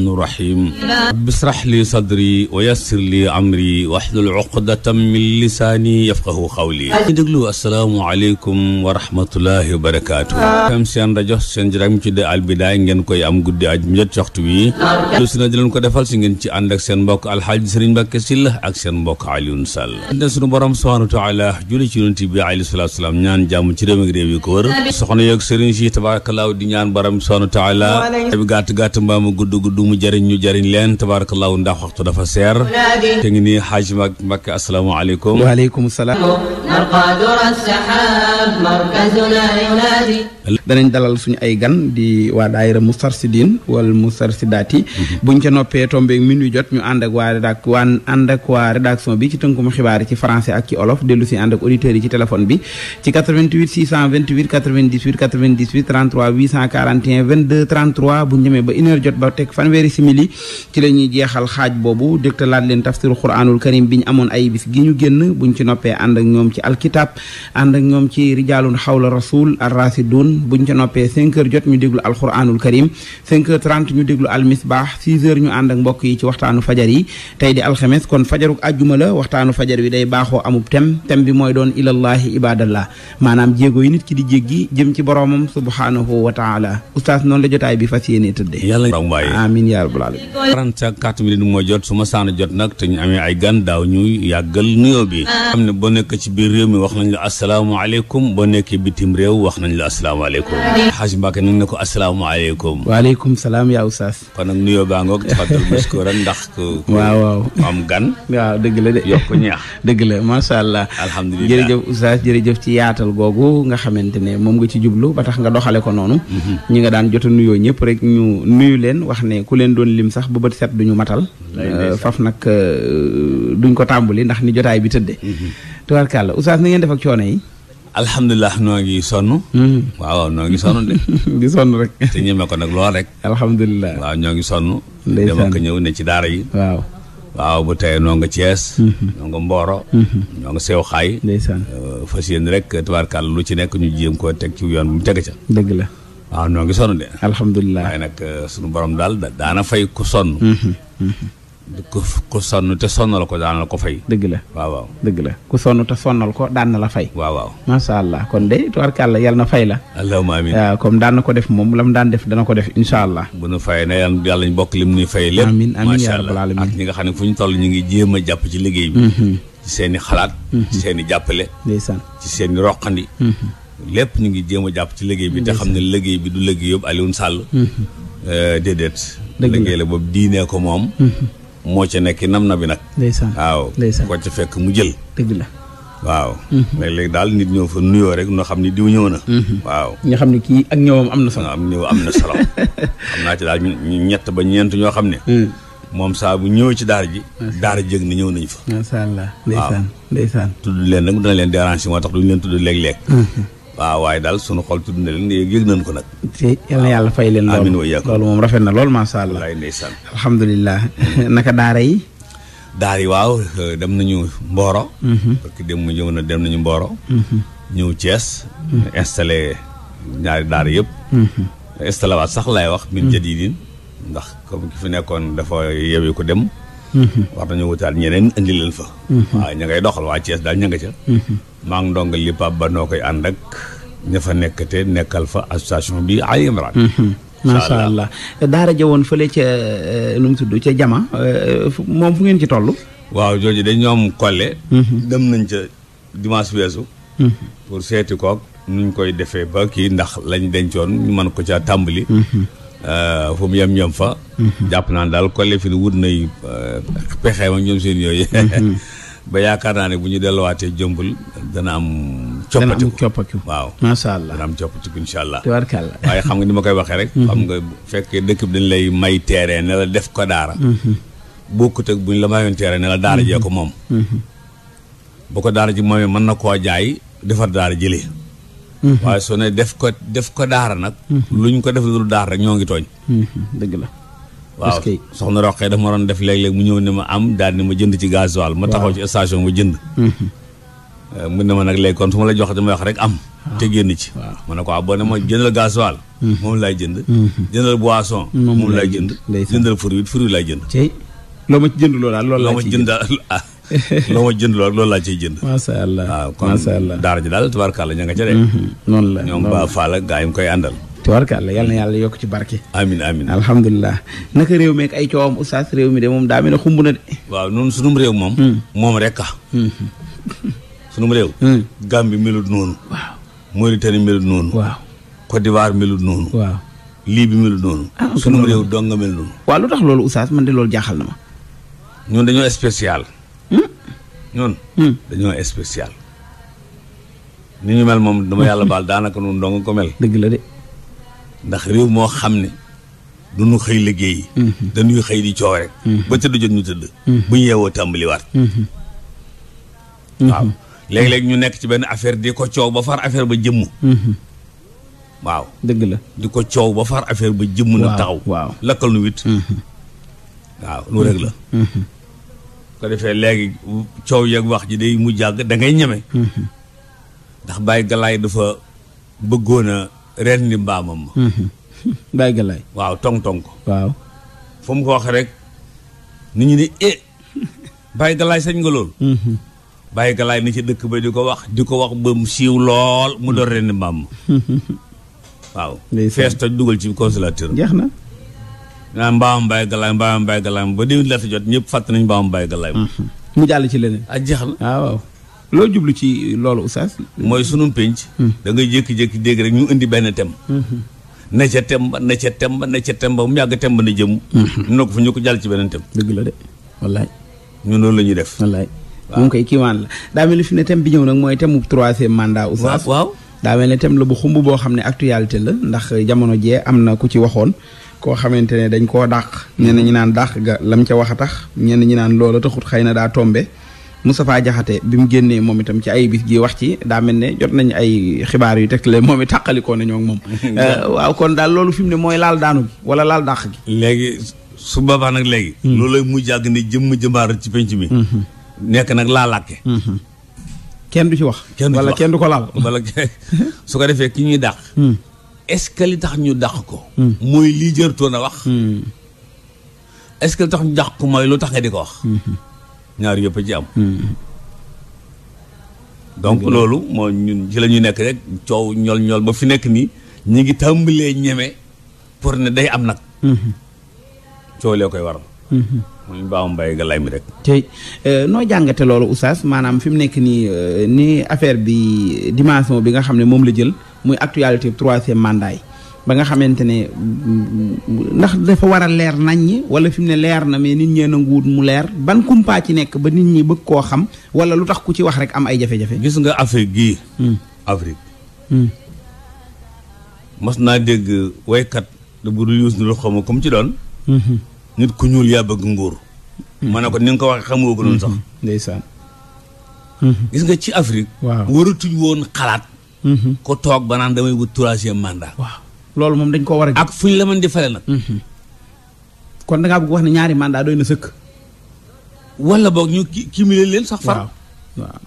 rahmaani rahiim rabbi shrah li sadri wa yassir li amri wahlul uqdatam min lisaani yafqahu qawli ñu déglu asalaamu aleykum wa rahmatullahi wa barakaatu am seen rajo seen jërëm ci de albidaay ngeen koy am guddi aj mu jot waxtu wi lu si na di leen ko defal si ngeen ci ànd ak seen mbokk alxaaji Sëriñ Mbàkke Sylla ak seen mbokk Alioune Sall den sunu borom subhaanahu wa taala julli ci yonent bi alayhi salaatu salaam ñaan jàmm ci réew ak réew yi ko wër soxna yeeg sëriñ si tabaarakallaahu di ñaan borom subhaanahu wa taala bi gàtt gàtt mbaa mu gudd gudd mu jëriñ ñu jëriñ leen tabaarakallaahu ndax waxtu dafa seer te ngi nii xaaj mag Mbàkke asalaamaaleykum waaleykum salaam danañ dalal suñu ay gan di waa daayira mustarsidin wal mustarsidaati mhm. buñ ca noppee tombeeg min wi jot ñu ànd ak waa rédac waa ànd ak waa rédaction bi ci tënkum xibaar yi ci français ak ci olof dellu si ànd ak auditeurs yi ci téléphone bi ci 88 buñ demee ba une jot ba teg fanweer fanweeri simili ci la ñuy jeexal xaaj boobu dégtalaat leen tafsiru quranul karim bi ñu amoon ay bis gi ñu génn buñ ci noppee ànd ak ñoom ci alkitab ànd ak ñoom ci rijaalun xawla rasul arrasidun buñ ci noppee 5 heures jot ñu déglu alquranul karim 5 heures 30 ñu déglu almisbah 6 heures ñu ànd ak mbokk yi ci waxtaanu fajar yi tey di alxames kon fajaruk àjjuma la waxtaanu fajar wi day baaxoo amub tem tem bi mooy doon ilallahi ibadallah maanaam jéego yi nit ki di jéggi jëm ci boromam subhanahu wa taala oustaz noonu la jotaay bi fas yéene tëddee yàlla mbaaye amiin yaa rabbal aalamiin. 34 minutes mooy jot su ma saana jot nag te ñu amee ay gan daaw ñuy yàggal nuyoo bi. xam ne boo nekk ci biir réew mi wax nañ la asalaamaaleykum boo nekkee bitim réew wax nañ la asalaamaaleykum. xaaj Mbàkke nañ ne ko asalaamaaleykum. waaleykum salaam waaw waaw am gan. waaw dëgg la de yokk ñaax. dëgg la macha allah. alhamdulilah jërëjëf Oustaz jërëjëf ci yaatal googu nga xamante moom nga ci jublu ba tax nga doxale ko noonu. Mhm. ñi nga daan jot a nuyoo ñëpp rek ñu nuyu leen wax ne ku leen doon lim sax ba bët set duñu matal euh, faf nag euh, duñ ko tàmbali ndax ni jotaay bi tëdde mm-hmm. tubaarkàlla oustaz na ngeen def ak coono yi alhamdulilah noo ngi sonn mm-hmm. waaw noo ngi sonn de di sonn rek nag lool rek alhamdulilah ñoo ngi sonn dama ko ñëw ne ci daara yi waaw bu tey noo nga Thiès mm-hmm. noo nga Mboro noo nga sew xaay ndeysaan euh, fas yéen rek tubaarkàlla lu ci nekk ñu jéem koo teg ci yoon bu mu teg ca dëgg la waaw ah, noo ngi sonn de. alhamdulilah waaye nag eh, sunu borom daal daana fay ku sonn. Mm-hmm, mm-hmm. ku ku sonn te sonnal ko daan la ko fay. dëgg la waaw waaw dëgg la ku sonn te sonnal ko daan na la fay. waaw waaw allah kon de tubarkàlla yal na fay la. allahumma amiin waaw ah, comme daan na ko def moom la mu daan def dana ko def incha allah. bu nu fayee ne yàlla ñu bokk lim ñuy fay lépp. amiin amiin yaa ak ñi nga xam ne fu ñu toll ñu ngi jéem a jàpp ci liggéey bi. Mm-hmm. ci seen xalaat. ci seen i jàppale. ndeysaan ci seen i roqandi. lépp ñu ngi jéem a jàpp ci liggéey bi te xam ne liggéey bi du liggéey yóbbu Alioune Sall mm-hmm. euh, déedéet liggéey la boobu diinee ko moom mm-hmm. moo ca nekk nam na bi nag ndeysaan waaw ko ca fekk mu jël dëgg la waaw mm-hmm. léeg-léeg daal nit ñëw fa nuyoo rek ñoo xam ni diw ñëw na waaw nga xam ne kii ak ñëwam am na solo am ñëw am na solo xam naa ci daal ñett ba ñeent ñoo xam ne mm. moom saabu bu ci daara ji daara jëg na ñëw nañu fa macha allah ndeysaan ndeysaan tudd leen nag dana leen déranger moo tax duñ leen tudd léeg-léeg waaw waaye daal sunu xol tudd na leen yëg nañ ko nag. te na yàlla fay leen. amiin wa iyyakum loolu moom rafet na lool macha allah. walaay ndeysaan. alhamdulilah naka daara yi. daara yi waaw euh, dem nañu Mboro. Mhm. parce mu ñëw na dem nañu Mboro. Mhm. ñëw Thiès. Mhm. ñaari daar yëpp. installé waat sax laay wax. min jadiidin ndax comme ki fi nekkoon dafa yewi ko dem. Mm-hmm. war nañu wutaat ñeneen indi leen fa mm-hmm. waaw ña ngay doxal waa Thiès daal ña nga ca mm-hmm. maa ngi ndonga li Pape ba noo koy ànd ak ña fa nekk te nekkal fa association bi ay Imran macha allah daara ja woon fële ca eh, nu mu tudd ca jama eh, moom fu ngeen ci toll waaw jooju de ñoom Kole. dem nañ ca dimanche weesu pour seeti kook nuñ koy defee ba kii ndax lañ dencoon ñu mën ko ca tàmbali Euh, fu mu yem ñoom fa mhm. jàpp naan daal kolle fi wut nay euh, pexe ak ñoom seen yooyu mhm. ba yaakaar naa ne bu ñu delluwaatee jëmbul dana am coppatiku coppatiku waaw macha allah dana am coppatiku insha allah tubarkalla waaye xam nga ni ma koy waxee rek mhm. xam nga fekkee dëkk bi dañ lay may teere ne def ko daara ko ak bu ñu la mayoon terrain ne daara jee ko moom bu ko daara ji moomee mën na koo jaay defar daara jëlee Mm-hmm. waaye soo ne def ko def ko daara nag. Mm-hmm. luñ ko def lu daara rek ñoo ngi tooñ. Mm-hmm. dëgg la. waaw soxna Roqee daf ma doon def léeg-léeg mu ñëw ne ma am daal ma jënd ci gasoil ma taxaw ci station ma jënd. Euh, mu ne ma nag léegi kon su ma la jox dama wax rek am. Ah. te génn ci. ma ne ko ah, boo ne ma jëndal gasoil. moom laay jënd. jëndal boisson. moom laay jënd jëndal fruit fruit laay jënd. tey loo ma ci jënd loo daal loolu laa ci jënd loo loo ma jënd loolu loolu laa ciy jënd macha allah waaw kon daara ji daal tubaarkàlla ña nga ca mm-hmm. noonu la ñoom ba faal ak gaa koy àndal tubaarkàlla yal na yàlla yokk ci barke amin amin alhamdulilah naka réew meek ay coowam oustaz réew mi de moom daa mel xumb na de waaw noonu sunum réew moom mm. moom rekka mm-hmm. sunum réew mm. Gambie melut noonu waaw Mauritanie melut noonu waaw lii bi melu noonu. ah réew dong nga lu tax loolu oustaz man de loolu jaaxal na ma. ñun dañoo spécial. ñun hmm. Hmm. dañoo spécial ni ñu mel moom dama yàlla baal daanaka noonu dong ko mel dëgg la de ndax réew moo xam ne du ñu xëy liggéey hmm. yi xëy di coow rek ba tëdd jot ñu tëdd bu ñu yeewoo tàmbaliwaat waaw léeg-léeg ñu nekk ci benn affaire di ko coow ba far affaire ba jëmm waaw dëgg la di ko coow ba far affaire ba jëmm na taxaw lakkal nu wit waaw lu rek la ko defee léegi coow yeeg wax ji day mu jàgg dangay ngay ñeme mhm. ndax bàyyi Galaay dafa bëggoon a ren mbaamam ma mhm. Baye Galaay waaw tong-tong ko waaw fu mu ko wax rek nit ñi di eh Baye Galaay sañ nga loolu mhm. bàyyi Galaay ni ci dëkk ba di ko wax di ko wax ba siiw lool mu doon ren mbaam ma waaw fees toj dugal ci consulateur jeex na naan mbaamam bàyyi galaay mbaamam bàyyi galaay ba déwén la jot ñëpp fàtt nañ mbaamam bàyyi galaay mhm. mu jàll ci leneen ah jeex na ah waaw loo jublu ci loolu oustaz mooy sunu pénc hmm. da ngay jékki-jékki dégg rek ñu indi benn tem hmm. na ca tem ba na ca tem ba na ca tem ba mu yàgg tem ba na jëm ñu hmm. ne ko fu ñu ko jàll ci beneen tem dëgg la de wallaay ñu loolu la ñuy def wallaay moom koy kiiwaan la daa mel ni fi ne tem bi ñëw nag mooy temu troisième mandat oustaz waaw daa mel ne tem la bu xumb boo xam ne actualité la ndax jamono jee am na ku ci waxoon koo xamante ne dañ koo dàq ñenn ñi naan dàq ga lam ca wax a tax ñenn ñi naan loola taxut xëy na daa tombe Moustapha Jaxate bi mu génnee moom itam ci ay bis gi wax ci daa mel ne jot nañ ay xibaar yu tegtale moom it tàqalikoo nañoo ak moom euh, waaw kon daal loolu fi mu ne mooy laal daanu wala laal dàq gi léegi su boobaa nag léegi hmm. loolu lay mu jàgg ne jëmm jëmbaar ci penc mi hmm. nekk nag laa laalaake hmm. kenn du ci wax wala kenn du ko laal wala su ko defee ki ñuy dàq est-ce que li tax ñu dàq ko. mooy hmm. lii jërtoon a wax. Hmm. est-ce que li tax ñu dàq ko mooy lu tax nga di ko wax. Hmm. ñaar yëpp a ci am. donc loolu moo ñun ci la ñu nekk rek coow ñool ñool ba fi nekk nii ñi ngi tàmbalee ñeme pour ne day am nag. coow lee koy waral. muy mbaaw mbay ga mi rek. tey euh, noo jàngate loolu oustaz maanaam fi mu nekk nii euh, ni affaire bi dimension bi nga xam ne moom la jël muy actualité troisième mandat yi ba nga xamante ne ndax dafa war a leer nañ ñi wala fi mu ne leer na mais nit ñee nanguwut mu leer ban kumpaa ci nekk ba nit ñi bëgg koo xam wala lu tax ku ci wax rek am ay jafe-jafe. gis nga Afrique gii. Hmm. Afrique. Hmm. mas naa dégg waykat da bu dul ni lu xaw comme ci doon. Hmm, nit ku ñuul yaa bëgg nguur. Hmm. ma ne ko ni ko waxee xamoo ko noonu sax. Hmm. ndeysaan. Hmm. gis nga ci Afrique. waaw waratuñ woon xalaat. ko toog ba naan damay wut troisième mandat. waaw loolu moom dañ ko war ak fuñ la mën di fale nag. kon wax ne ñaari mandat doy na sëkk. wala boog ñu cumuler leen sax far. waaw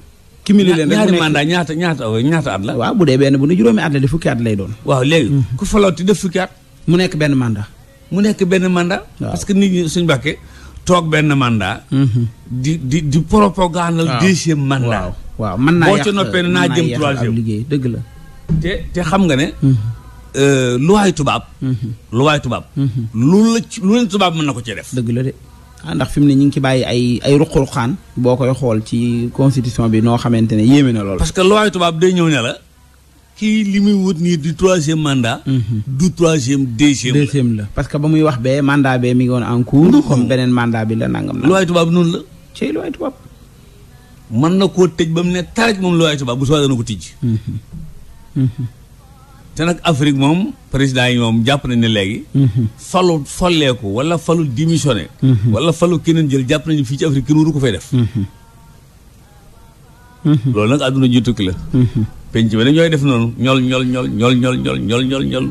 leen rek ñaari ñaata ñaata oh, ñaata at la. waaw bu dee benn bu ne juróomi at la di fukki at lay doon. waaw léegi. ku falooti def fukki at. mu nekk benn mandat. mu nekk benn mandat. parce que nit ñi suñ bàkkee toog benn mandat. Mhm. di di di propagande. waaw deuxième mandat. waaw mën naa yàq boo ci noppee naa jëm troisième liggéey dëgg la. te te xam nga ne. Mhm. Euh, luwaay tubaab. Mhm. luwaay lu la ci lu leen tubaab mun na ko cee def. dëgg la de ah ndax fi mu ne ñu ngi ci bàyyi ay ay ruq-ruqaan boo koy xool ci constitution bi noo xamante ne yéeme na lool. parce que luwaay tubaab day ñëw ne la. kii li muy wut nii du troisième mandat. Mhm. du troisième deuxième. la parce que ba muy wax bee mandat bee mi ngi woon en cours. comme beneen mandat bi la nangam la. luwaay tubaab noonu la. ci luwaay tubaab. mën na koo tëj ba mu ne taraj moom luwaay tubaab bu soo dana ko tijj. Mhm. Mhm. te nag Afrique moom président yi moom jàpp nañ ne léegi. falu folleeku wala falu démissionné. wala falu keneen jël jàpp nañu fii ci Afrique kenn waru ko fay def. loolu nag àdduna ji tukki la mhm. penc bi nag ñooy def noonu ñol ñol ñol ñol ñol ñol ñol ñol ñol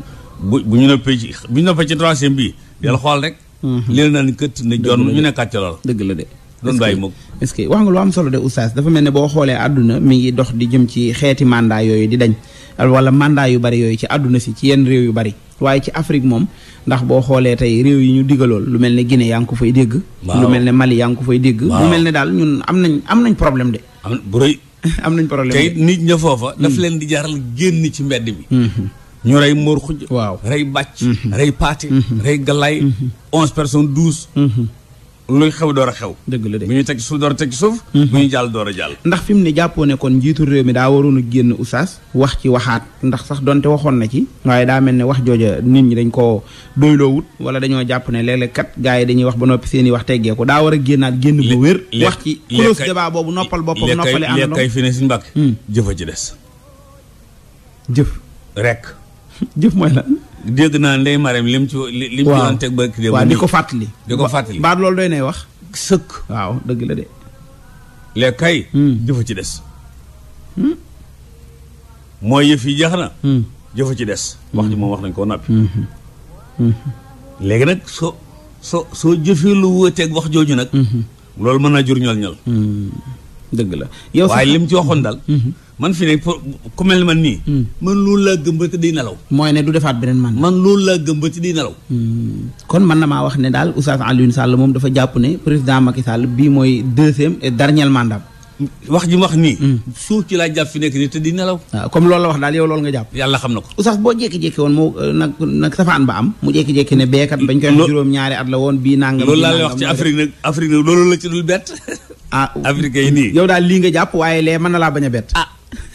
bu bu ñu noppee ci bu ñu noppee ci troisième bii del xool rek mhm. leen na ni këtt ne jonn ñu nekkaat ci lool dëgg la de doon bàyyi moom est-ce que wax nga lu am solo de oustaz dafa mel ne boo xoolee àdduna mi ngi dox di jëm ci xeeti mandat yooyu di dañ wala mandat yu bari yooyu ci àdduna si ci yenn réew yu bari waaye ci Afrique moom ndax boo xoolee tey réew yi ñu digalool lu mel ne Guinée yaa ngi ko fay dégg lu mel ne Mali yaa ngi ko fay dégg lu mel ne daal ñun am nañ am nañ problème de am bu rëy. am nañ problème tey nit ña foofa. daf hmm. leen di jaral génn ci mbedd bi. Hmm. ñu rey Mor Xuj. waaw rey Bàcc. Hmm. rey Paate. rey Galaay. onze personnes douze. luy xew door a xew. dëgg la de mu ñuy teg ci suuf door a teg ci suuf. Mhm. bu ñuy jàll door a jàll. ndax fi mu ne jàppoo ne kon njiitu réew mi daa waroon a génn oustaz wax ci waxaat ndax sax donte waxoon na ci. waaye daa mel ne wax jooja nit ñi dañ koo doyloo wut wala dañoo jàpp ne léeg gaa yi dañuy wax ba noppi seeni wax teggee ko daa war a génnaat génn bu wér. wax ci close débat boobu noppal boppam noppali. am na noonu fi ne si mbàkk. Hmm. jëf a ci hmm. jëf. mooy lan. dégg naa Ndeye Marème lim ci. lim ci doon teg ba kii waaw di ko fàttali. di ko fàttali baat loolu doy nay wax. sëkk waaw dëgg la de. léegi kay. Hmm. jëfa ci des. Hmm? mooy yëf yi jax na. Hmm. jëfa ci des. wax ji moom wax nañ koo nappi. léegi nag soo soo soo jëfee lu wóoteeg wax jooju nag. loolu mën na jur ñol ñol dëgg la yow waaye lim ci waxoon daal. man fi ne pour ku mel man nii. Hmm. man loolu laa gëm ba te di nelaw. mooy ne du defaat beneen man. man loolu laa gëm ba te di nelaw. Hmm. kon man na maa wax ne daal Oustaz Alioune Sall moom dafa jàpp ne président Macky Sall bii mooy deuxième et dernier mandat. wax ji ma wax nii. Hmm. suuf laa jàpp fi te di nelaw. Ah, comme loolu wax daal yow loolu nga jàpp. yàlla xam na ko. Oustaz boo jékki-jékki woon moo euh, am. mu jékki-jékki ne beekat bañ koy wax juróom-ñaari woon bii nangam. loolu laa lay la ci dul bett. ah Afrique yow daal lii nga jàpp waaye lee mën na laa bañ a bett. ah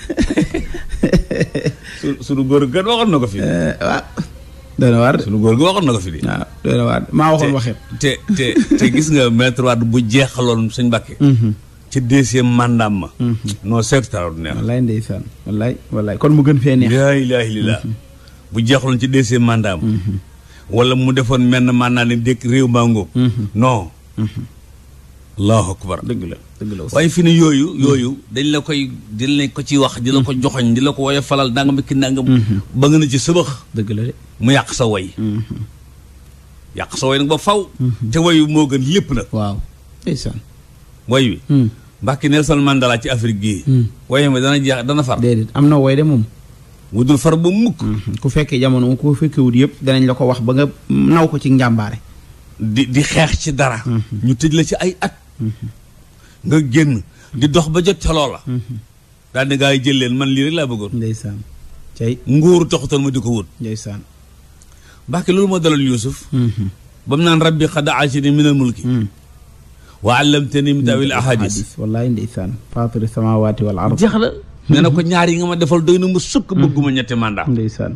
su suñu góor gën waxoon na ko fi. Eh, waaw. doy na góor gi waxoon na ko fi de. waaw maa waxoon waxee. te te gis nga maître Wade bu jeexaloon suñ Mbàkke. Mhm. ci deuxième mandat ma. Mhm. non c'est extraordinaire. wallaay ndeysaan wallaay wallaay kon mu gën fee neex. laa ilaaha illallaah mhm. bu jeexaloon ci deuxième mandat ma. mu defoon menn mandat ne dëkk réew màngo ngoog. allahu akbar dëgg la dëgg la waaye fi ne yooyu yooyu dañ la koy dañ la ko ci wax di la ko joxoñ di la ko woye falal nangam ki nangam mm-hmm. ba nga na ci sëbax dëgg la de mu yàq sa woy mm-hmm. yàq sa woy nag ba faw mm-hmm. te woyu moo gën lépp nag waaw ndeysaan woy wi mm. mbàkki Nelson Mandela ci Afrique gii mm. woye ma dana jeex dana far déedéet am na woy de moom wudul far ba mukk ku fekkee jamono ku fekkewut yëpp danañ la ko wax ba nga naw ko ci njàmbaare di di xeex ci dara ñu tëj la ci ay at nga génn di dox ba jot ca loola. daal ne gaa yi jël leen man lii rek laa bëggoon. ndeysaan cay nguur taxutoon ma di ko wut. ndeysaan. Mbàkke loolu moo daloon Yuusuf. Mm-hmm. ba naan rabbi xad aatani minal mulki. Mm. wa allamtani min taawil ahadis wallaahi ndeysaan faatiri samaawaati wal ard jeex na nee na ko ñaar yi nga ma defal doy na mu sukk mm. bëgguma ñetti mandat ndeysaan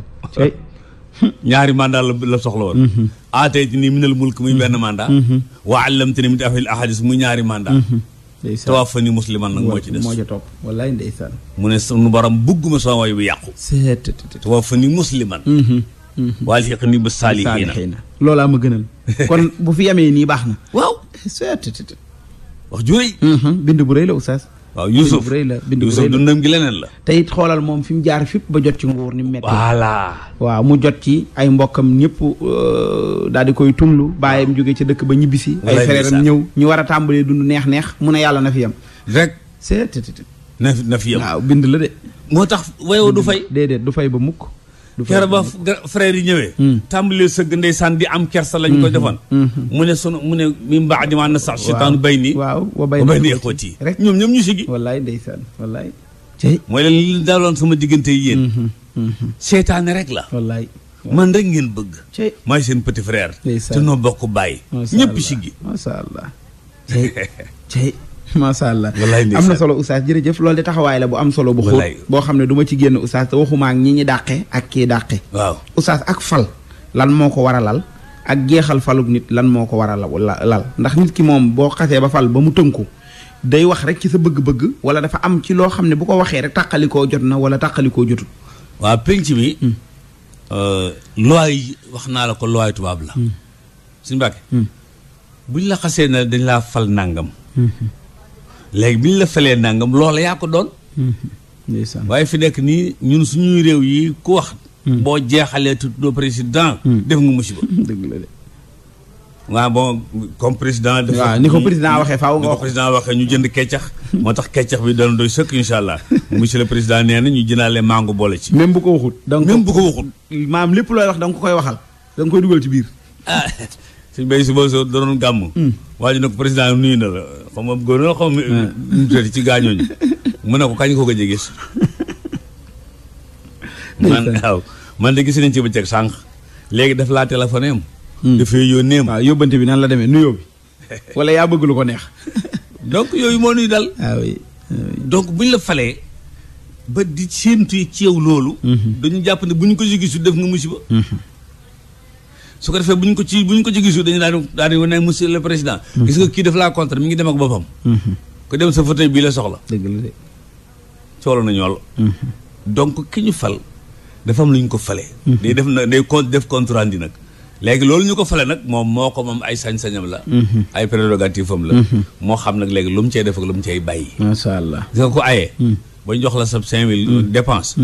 ñaari mandat la la soxla woon mhm. aatayte ah, nii minal mulk muy benn mhm. mandat mhm. waa allamte ni mi tafil ahadis muy ñaari mandat tawaffani musliman nag moo ci des moo ci topp wallaay ndeysaan mu ne sunu borom bugguma sama way bu yàqu tawaffani musliman walhiqni bi saalihiina loolaa ma gënal kon bu fi yamee nii baax na waaw wax ju rëy bind bu rëy la oustaz waaw Youssouf Youssouf dundam gi leneen la. te it xoolal moom fi mu jaar fépp ba jot ci nguur ni mu métti. voilà waaw mu jot ci ay mbokkam ñëpp euh, daal di koy tumlu mu jóge ca dëkk ba ñibbisi. ay fereeram ñëw ñu war a tàmbalee dund neex-neex mu ne yàlla na fi yem. rek seet na fi yem. waaw bind la de. moo tax wayoo du fay. déedéet du fay ba mukk kere ba frère yi ñëwee hmm. tàmbalee sëgg ndeysaan di am kersa lañu ko hmm. defoon hmm. mu ne sunu mu ne min baadi ma nasa seytaanu bay nii waaw wa bay nii xóoti rek ñoom ñoom ñu sigi wallaay ndeysaan wallaay mooy leen li sama diggante yéen seytaane rek la man rek ngeen bëgg maay seen petit frère te noo bokk bàyyi ñëpp sigi macha allah macha allah am na solo oustaz jërëjëf loolu di taxawaay la bu am solo bu xóot boo xam ne du ma ci génn oustaz te waxuma ak ñi ñi dàqe ak kii dàqe waaw ak fal lan moo ko war a lal ak jeexal falub nit lan moo ko war a lal ndax nit ki moom boo xasee ba fal ba mu tënku day wax rek ci sa bëgg-bëgg wala dafa am ci loo xam ne bu ko waxee rek tàqalikoo jot na wala tàqalikoo jotul waaw pénc bi hmm. euh, looy wax naa la ko looy tubaab la hmm. suñu bàkke hmm. buñ la xasee na dañ laa fal nàngam léegi bi ñu la felee nangam loola yaa ko doon. waaye fi nekk nii ñun suñuy réew yi ku wax. Hmm. boo jeexalee tuddoo président. Hmm. def nga mu dëgg la de. waaw bon comme président. waaw ni ko président waxee faaw nga président waxee ñu jënd keccax. moo tax keccax bi doon doy sëkk incha allah monsieur le président nee na ñu jëndaale mango boole ci. même bu ko waxut. donc même bu ko waxut. maam lépp looy wax da koy waxal da nga koy dugal ci biir. Ah, suñu béy si soo danoon gàmm. Hmm. waa ne ko président nuyu na la xam nga góor na xam hmm. ci gaañoo ñu mu ne ko kañ ko gëj a man waaw man de gis nañ ci bëccëg sànq. léegi daf laa téléphoné am. Hmm. dafay yónnee waaw yóbbante bi nan la demee nuyoo bi. wala yaa bëgg lu ko neex. donc yooyu moo nuy dal. ah, ah donc buñ la falee. ba di séentu ci yow loolu. dañu jàpp ne buñ ko si gisul def nga musiba. su ko defee bu ñu ko ci bu ñu ko ci gisu dañu daan daan di wane monsieur le président. gis nga kii def laa contre mi ngi dem ak boppam. Mhm. ku dem sa fauteuil bii la soxla. dëgg la na ñool. Mhm. donc ki ñu fal dafa am lu ñu ko falee. Mhm. day def na day def compte rendu nag. léegi loolu ñu ko fale nag moom moo ko moom ay sañ-sañam la. ay prérogative am la. moo xam nag léegi lu mu cee def ak lu mu cee bàyyi. macha allah gis nga ko ayee. ba ñu jox la sa 5000. dépense.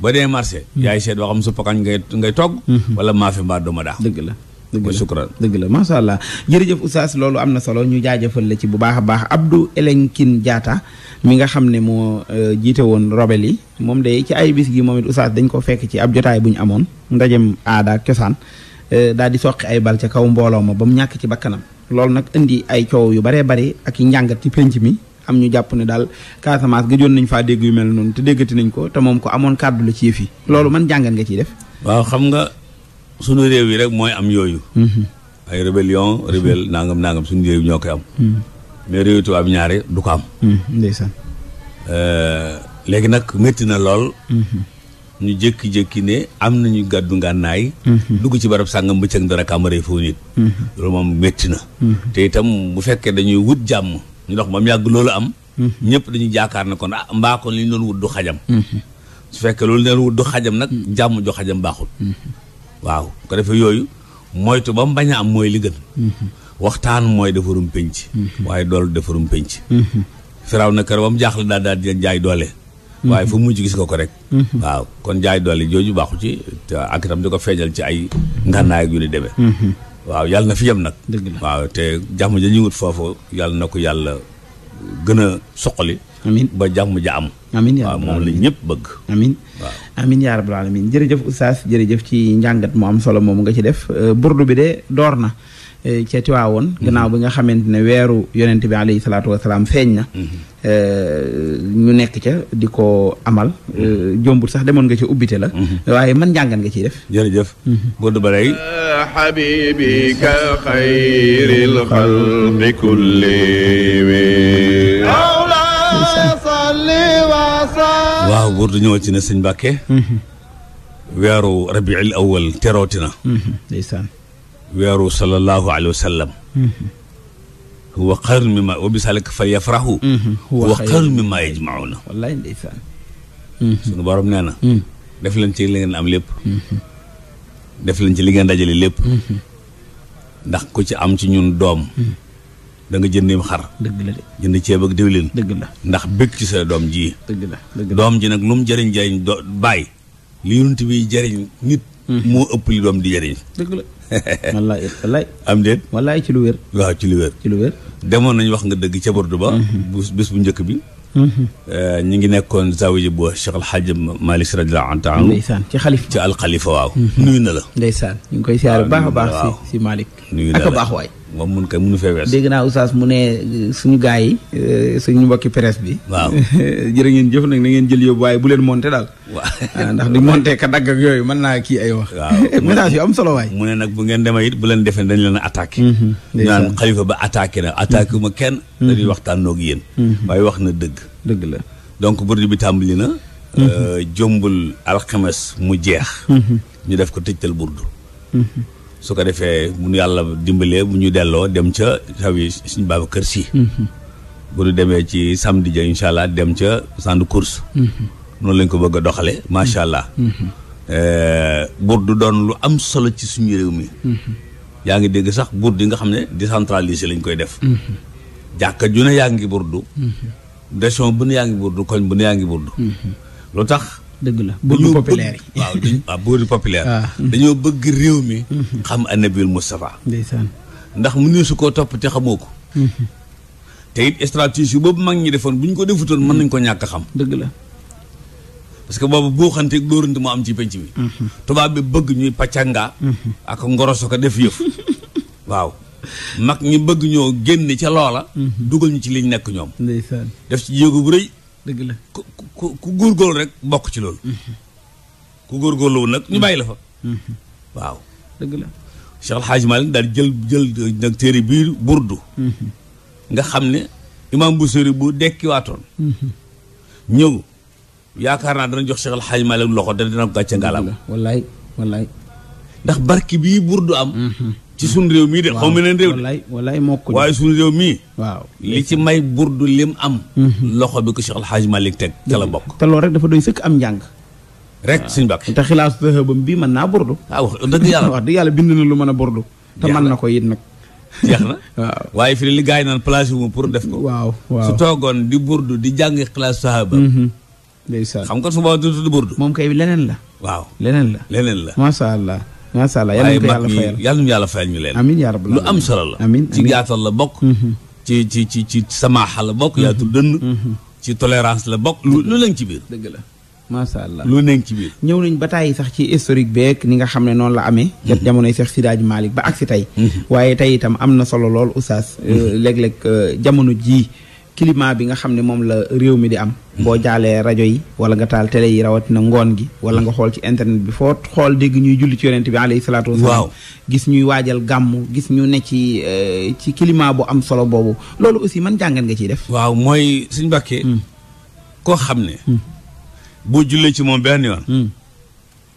ba dee marché. Hmm. yaay seet waxam suppa kañ ngay ngay togg. Hmm. wala maafe mbaa duma daa. dëgg la. dëgg la sukkuraan dëgg la macha allah jërëjëf oustaz loolu am na solo ñu jaajëfal la ci bu baax a baax Abdou Elenkin Diatta mi nga xam ne moo euh, jiite woon robel yi moom de ci ay bis gi moom it oustaz dañ ko fekk ci ab jotaay bu ñu amoon ndajem aada ak cosaan euh, daal di soqi ay bal ca kaw mbooloo ma ba mu ñàkk ci bakkanam loolu nag indi ay coow yu bare bari ak i njàngat ci pénc mi am ñu jàpp ne daal Casamance gëjoon nañu faa dégg yu mel noonu te déggati nañ ko te moom ko amoon kàddu la ci yëf yi hmm. loolu man jàngat nga ciy def. waaw xam nga sunu réew yi rek mooy am yooyu. Hmm. ay rébellion rébel nàngam hmm. nangam suñu réew ñoo koy am. mais réew tubaab ñaare du ko am. ndeysaan. Euh, léegi nag metti na lool. ñu jëkki jékki ne am nañu gàddu ngànnaay. dugg ci barab sàngam bëccëg dara kàmbaree foofu nit. loolu moom metti na. te itam bu fekkee dañuy wut jàmm. ñu dox moom yàgg loolu am mhm. ñëpp dañuy jaakaar ne kon ah mbaa kon li ñu doon wut du xajam mhm. su fekkee loolu leen wut du xajam nag mhm. jàmm jo xajam baaxul waaw ko defee yooyu moytu ba mu bañ am mooy li gën waxtaan mooy defarum penc waaye dool defarum penc firaaw na kër ba mu jaaxle daal daal di jaay doole waaye fu mujj gis nga ko rek waaw kon jaay doole jooju baaxu ci ak itam di ko feeñal ci ay ngànnaay yu ni demee waaw yàlla na fi yem nag. dëgg la waaw te jàmm ja ñu wut foofu yàlla na ko yàlla gën a soqali. amiin ba jàmm ja am. amiin yaa waaw moom la ñëpp bëgg. amiin waaw amiin yaa rabbal aalamiin jërëjëf oustaz jërëjëf ci njàngat mu am solo moom nga ci def euh, burdu bi de door na. Eh, ca Tiwaawoon gannaaw bi nga xamante ne weeru yonent bi alayhi salaatu wasalaam feeñ na mhm. eh, ñu nekk ca di ko amal mhm. eh, jombut sax demoon nga ci ubbite la mhm. waaye man njàngan nga ci def jërëjëf Modou Balay habibika xayril xalqi kulli waaw buur du ñëwal ci ne sëñ Mbàkke weeru rabiil awal terootina ndeysaan weeru sallallahu alayhi wa sallam mm-hmm. wa xayru mi ma wa bisalika fal yafrahu wa na mm-hmm. def leen ci li ngeen am lépp mm-hmm. def leen ci li ngeen dajale lépp ndax ku ci am ci ñun doom da nga jëndim xar dëgg la de jënd ceeb ak diwlin ndax bëgg ci sa doom ji dëgg la doom ji nag lu mu jëriñ jëriñ li yonent bi jëriñ nit moo ëpp li doom di jëriñ wallaay wallaay. am déet. wallaay ci lu wér. waaw ci lu ci lu demoon nañu wax nga dëgg ca ba mhm. bés bu njëkk bi. Mhm. Eh, ñu ngi nekkoon zawiya bu Cheikh Al Hadj Malick Sy radiyallaahu anhu. ndeysaan ci ci alxalifa waaw. Mhm. nuyu na la. ndeysaan ci ngi koy siyaare bu baax a baax. si nuyu naa baax waay. moom mun kay munu fee wees. dégg naa oustaz mu ne euh, suñu gars yi. Euh, suñu mbokki presse bi. waaw jërë ngeen jëf nag na ngeen jël yóbbu waaye bu leen monté daal. waaw ah, ndax di monté ka dagg ak yooyu mën naa kii ay wax. waaw message yu am solo waay. mu ne nag bu ngeen demee it bu leen defee dañ leen a attaqué. Mhm. naan xalifa ba attaqué na attaqué ma kenn. Mhm. dañuy waxtaanoo ak yéen. Mhm. waaye wax na dëgg. dëgg la donc burdi bi tàmbali na. Euh, jombul alxames mu jeex. ñu def ko tëjtal burdu. su ko defee mu yàlla dimbalee mu ñu delloo dem ca xaw yi suñu kër Si bu ñu demee ci samedi ja incha allah dem ca sand course mhm. noonu lañ ko bëgg a doxale macha allah mhm. mhm. eh, burdu doon lu am solo ci suñu réew mi yaa ngi dégg sax burdu yi nga xam ne décentralisé lañ koy def jàkka ju ne yaa ngi burdu région bu ne yaa ngi burdu koñ bu ne yaa ngi burdu lu tax dëgg la bëgg populaire yi waaw waaw bëgg populaire ah. dañoo bëgg réew mi mm-hmm. xam annabil Moustapha ndeysaan ndax mu ni su koo topp te xamoo ko mm-hmm. te it stratégie boobu mag ñi defoon bu ñu ko defutoon mën nañ ko ñàkk xam dëgg la parce que boobu buuxante ak dóorante moo am ci penc bi mm-hmm. tubaab bi bëgg ñuy pàccanga ak ngoroso ko def yëf waaw mag ñi bëgg ñoo génn ca loola dugal ñu ci liñ nekk ñoom def ci jéego bu rëy dëgg la ku ku ku góorgóorlu rek mbokk ci loolu. ku góorgóorluwul nag ñu bàyyi la fa. waaw dëgg la. Cheikh El jël jël nag téere xam ne imaam Busiri bu dekkiwaatoon. ñëw yaakaar naa dana jox Cheikh El Hadj loxo dana dina ko gàcce ndax barki bii burdu am. ci suñ réew mii de xaw ma leen réew de wallaay wallaay mokk waaye suñ réew mii waaw li ci may burdu lim am mhm. loxo bi ko Cheikh Al Hadj Malick teg ca la bokk te loolu rek dafa doy sëkk am njàng rek suñ bàkk te xilaasu tëxëbam bii mën naa burdu waaw ah, wax yàlla wax dëgg yàlla bind na lu mën a burdu te mën na ko it nag jeex na waaw waaye fi ne li gars yi naan place bi pour def ko waaw waaw su toogoon di burdu di jàng xilaasu sahaba mhm. ndeysaan xam nga su boobaa du tudd burdu moom kay leneen la waaw leneen la leneen la macha allah macha allah yal nañu ko yàlla fayal yal nañu yàlla fayal ñu leen. amiin lu am solo la. amiin ci gaatal la bokk. Mm-hmm. ci ci ci ci samaaxa la bokk. yaatul dënn. Mm-hmm. ci tolérance la bokk lu lu lañ ci biir. dëgg la macha allah lu nekk ci biir. ñëw nañ ba tàyyi sax ci historique beek ni nga xam ne noonu la amee. Mm-hmm. jot jamonoy Cheikh Sidaaj Malick ba agsi tey. waaye tey itam am na solo lool oustaz. Euh, léeg-léeg euh, jamono jii. climat bi nga xam ne moom la réew mi di am boo jaalee rajo yi wala nga taal télé yi rawatina ngoon gi wala nga xool ci internet bi foo xool dégg ñuy julli ci yonent bi alayhi salaatu wasalaam gis ñuy waajal gàmm gis ñu ne ci euh, ci climat bu am solo boobu loolu aussi man jàngat nga ciy def waaw mooy suñ bàkkee hmm. xam ne hmm. boo ci moom benn yoon hmm.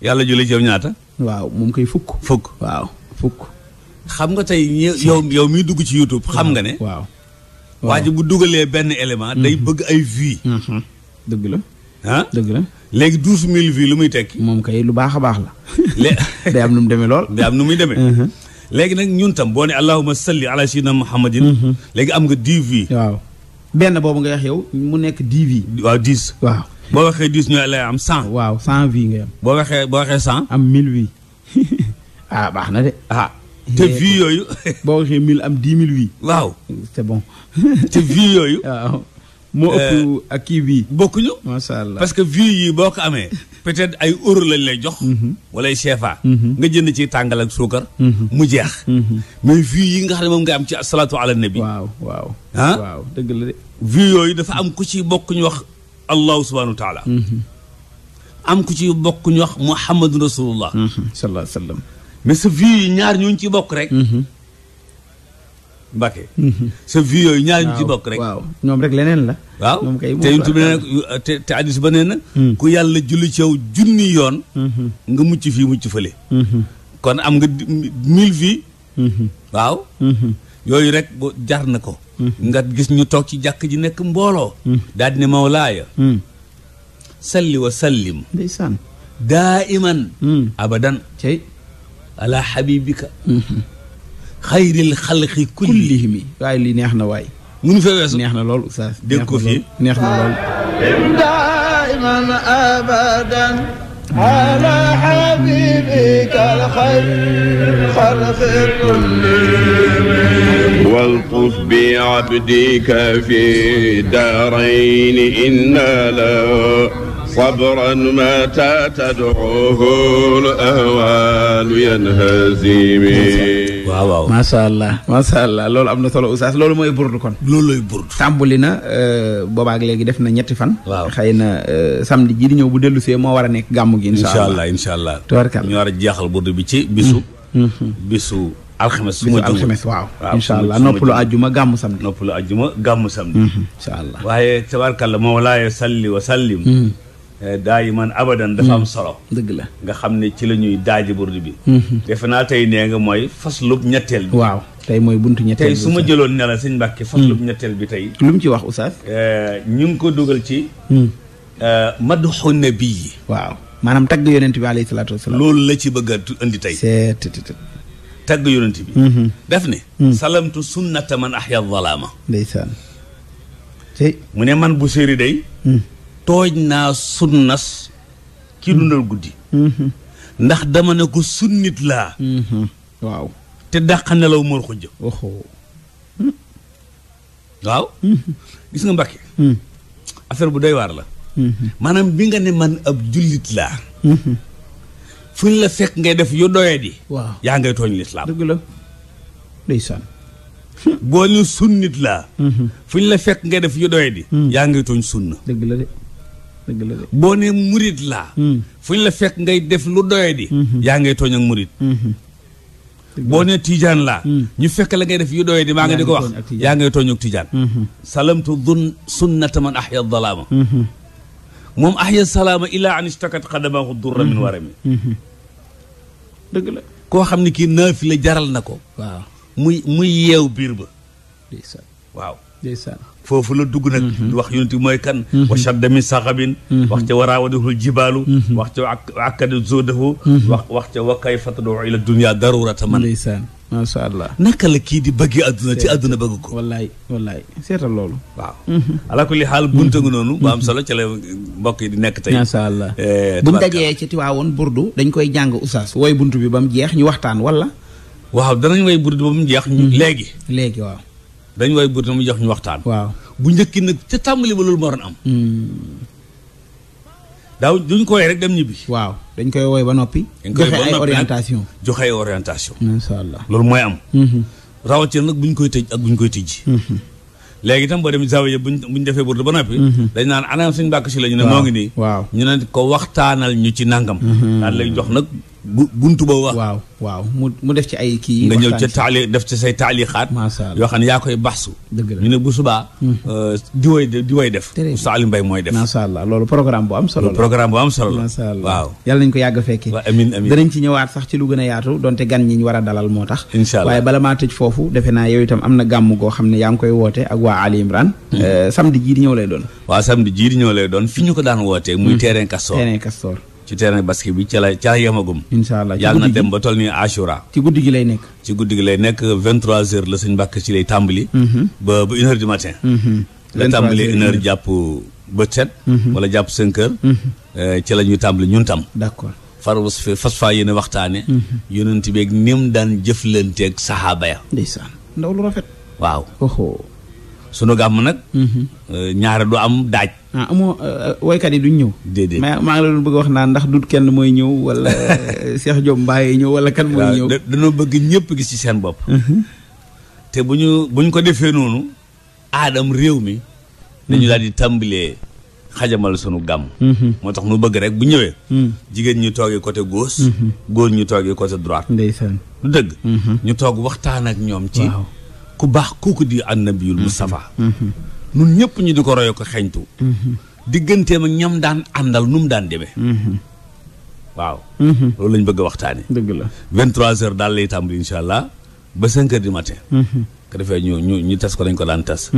yàlla jullee ñaata waaw moom koy fukk fukk fukk xam nga tey yow yow miy dugg ci YouTube xam nga ne waaw waa ji bu dugalee benn élément. day mhm. bëgg ay vie mhm. dëgg la. ah dëgg la. léegi douze mille vues lu muy tekki. moom kay lu baax a baax la. day am nu mu demee lool. day am nu muy demee. Mhm. léegi nag ñun tam boo ne allahumma salli ala sayyidina muhammadin. léegi am nga dix vie waaw benn boobu nga wax yow mu nekk dix vues. waaw dix. waaw boo waxee dix ñu lay am cent. waaw cent vues ngay am. boo waxee boo waxee cent. am mille vues. ah baax na de ah. te vues yooyu. boo waxee mille am dix mille vues. waaw bon. te vues yooyu. waaw moo ëpp euh, ak kii bii. bokkuñu. macha parce que vues yi boo ko amee. peut-être ay euro lañ lay jox. Mhm. wala ay CFA. Mhm. nga jënd ci tàngal ak suukar. Mhm. mu jeex. mais vues yi nga xam ne moom nga am ci salaatu ala nabi. waaw waaw. ah waaw dëgg la de. vues yooyu dafa am ku ci bokk ñu wax allahu subhanahu wa taala. am ku ci bokk ñu wax muhammadu rasulullah. sallallahu alayhi wa sallam. mais sa vie yi ñaar ñu ci bokk rek. Mhm. Mbacke. Mhm. sa vie yooyu ñaar ñu ci bokk rek. ñoom rek leneen la. waaw te yonent ba nee na. Hmm. ku yàlla julli ci yow junni yoon. Mhm. nga mucc fii mucc fële. kon am nga mille vies. waaw. yooyu rek bu jar na ko. Hmm. nga gis ñu toog ci jàkk ji nekk mbooloo. Hmm. daal di ne Mawlaaya. sallim. daa iman. abadan. ala xabibika xayril xalqi kullihimi waaye lii neex na waay munu fee weesu neex na lool oustaz dégg ko fii neex na lool daiman abadan ala xabibika xalqi kullihimi والطف بعبدك في دارين إنا لا صبرا متى تدعوه الأهوال ينهزم waaw waaw macha allah macha allah loolu am na solo oustaz loolu mooy burdu kon loolu lay burdu tàmbali na boobaak léegi def na ñetti fan waaw xëy na samedi ji di ñëw bu dellu moo war a nekk gàmm gi incha allah incha allah tubarkal ñu war a jeexal bi ci bisu bisu alxames su ma alxames waaw incha allah noppalu ajjuma gàmmu samedi noppalu ajjuma gàmmu samedi incha allah waaye tabarkalla moo laaye salli wa sallim Eh, daayiman abadan dafa am hmm. solo. dëgg la nga xam ne ci la ñuy daaji burdi bi. Hmm. defe naa tey nee nga mooy faslub ñetteel bi. waaw tey mooy buntu ñetteel bi tey su ma jëloon ne la sëñ Mbàkke faslub hmm. ñetteel bi tey. lu mu ci wax oustaz. Eh, ñu ngi ko dugal ci. Eh, madxu nabi yi. waaw maanaam tagg yonent bi alayhi salaatu wa salaam. loolu la ci bëgg a indi tey. seet tagg yonent bi. def ne. salamtu sunnata man ahya zalaama. ndeysaan. mu ne man bu séeri day. tooñ naa sunnas ki dundal guddi mm-hmm. ndax dama ne ko sunnit laa mm-hmm. waaw te dàq nelaw mor xujj waaw mm-hmm. gis nga Mbàkke mm. affaire bu doy waar la maanaam bi nga ne man ab jullit laa fu ñu la fekk ngay def yu doye di waaw yaa ngay tooñ lislaam dëgg la ndeysaan boo ñu sunnit laa fu ñu la fekk ngay def yu doye di mm. yaa ngay tooñ sunna boo ne murit laa hmm. fu ñu la fekk ngay def lu doye di hmm. yaa ngay tooñ ak hmm. boo ne tiijaan laa ñu fekk la ngay def yu doye di maa nga di ko wax yaa ngay tooñ ak tiijaan salamtu sunnata man ahya dalaama moom ahya salaama ilaa an ishtakat xadamahu durra min warami koo xam ne kii naafi jaral na ko mu muy muy yeew biir ba foofu la dugg nag mhm. wax yonent bi mooy kan mhm. wa shadda min saxabin mhm. wax ca waraawadahul jibaalu wax ca akkada zoodahu wax wax ca wa kayfa tadoo ila dunia darurata man ndeysaan macha allah naka la kii di bëggee adduna ci àdduna bëgg ko wallaay wallaay seetal loolu waaw ala kulli xaal bunta nga noonu bu am solo ci la mbokk yi di nekk tey bu allah eh, buñ dajee ci Tiwaawoon burdu dañ koy jàng oustaz woy bunt bi ba mu jeex ñu waxtaan wala waaw danañ way burdu ba mu jeex léegi léegi waaw dañ waaye buur mu jox ñu waxtaan waaw bu njëkki nag ca tàmbali ba loolu moo doon am hmm. daaw duñ ko woy rek dem ñibbi waaw dañ koy woy ba noppi joxe ay joxe ay orientation insha allah loolu mooy am hmm. rawatina nag buñ koy tëj ak buñ koy tëj hmm. léegi itam boo dem zawiya buñ buñ defee burdu ba noppi dañ naan anam suñ mbàkk si la ñu ne moo ngi nii waaw ñu ne ko waxtaanal ñu ci nàngam daan lay jox nag bu buntu ba wax. waaw waaw mu mu def ci ay kii. nga ñëw ca taali def ci say taalixaat. macha allah yoo xam ne yaa koy baxsu. dëgg la ñu ne bu subaa. Hmm. Euh, di woy def. très bien Oustaz Alioune Mbaye mooy def. macha allah loolu programme bu am solo la. programme bu am solo la. macha allah waaw. yàlla ko yàgg a fekkee. waaw amiin amiin danañ ci ñëwaat sax ci lu gën a yaatu donte gan ñi ñu war a dalal moo tax. incha allah waaye bala maa tëj foofu defe naa yow itam am na gàmm goo xam ne yaa ngi koy woote ak waa Ali Imran. Hmm. Euh, samedi jii di ñëw lay doon. waaw samedi jii di ñëw lay doon fi ñu ko daan wootee. muy hmm. terrain Castor terrain Castor ci terrain basket bi ca la ca la yemagum. incha allah yàgg na dem ba toll nii Ashura. ci guddi gi lay nekk. ci guddi gi la sëñ Mbàkke ci lay tàmbali. Mhm. ba ba matin. Mhm. la tàmbali une jàpp bët set. Mhm. wala jàpp 5 heures. Euh, ci la ñuy tàmbali ñun tam. d'accord far fas faa yéene waxtaane. yonent beeg ni daan jëflanteeg saxaaba ya. ndeysaan ndaw lu rafet. waaw. sunu gàmm nag. Mhm. Euh, ñaara du am daaj. ah amoo euh, woykat yi duñ ñëw. déedéet mais maa la doon bëgg wax naa ndax dut kenn mooy ñëw wala euh, Cheikh Diop Mbaye ñëw wala kan. mooy ñëw waaw dañoo bëgg ñëpp gis ci seen bopp. Mhm. te bu ñu bu ñu ko defee noonu. aadam réew mi. dañu mhm. daal di tàmbilee xajamal sunu gàmm. moo tax nu bëgg rek bu ñëwee. jigéen ñu toogee côté gauche. góor ñu toogee côté droite. ndeysaan du dëgg. ñu toog waxtaan ak ñoom ci. ku baax kooku di annabiyul Mustafa mm-hmm. Mm-hmm. nun ñëpp ñu di ko royo ko xeeñtu mm-hmm. digganteem ak ñam daan àndal nu mu daan demee waaw loolu lañ bëgg a waxtaane dëgg la vingt trois heures daal lay tàmbali insha allah ba cinq heures du matin ko defee ñu ñu ñu tas ko dañ ko daan tas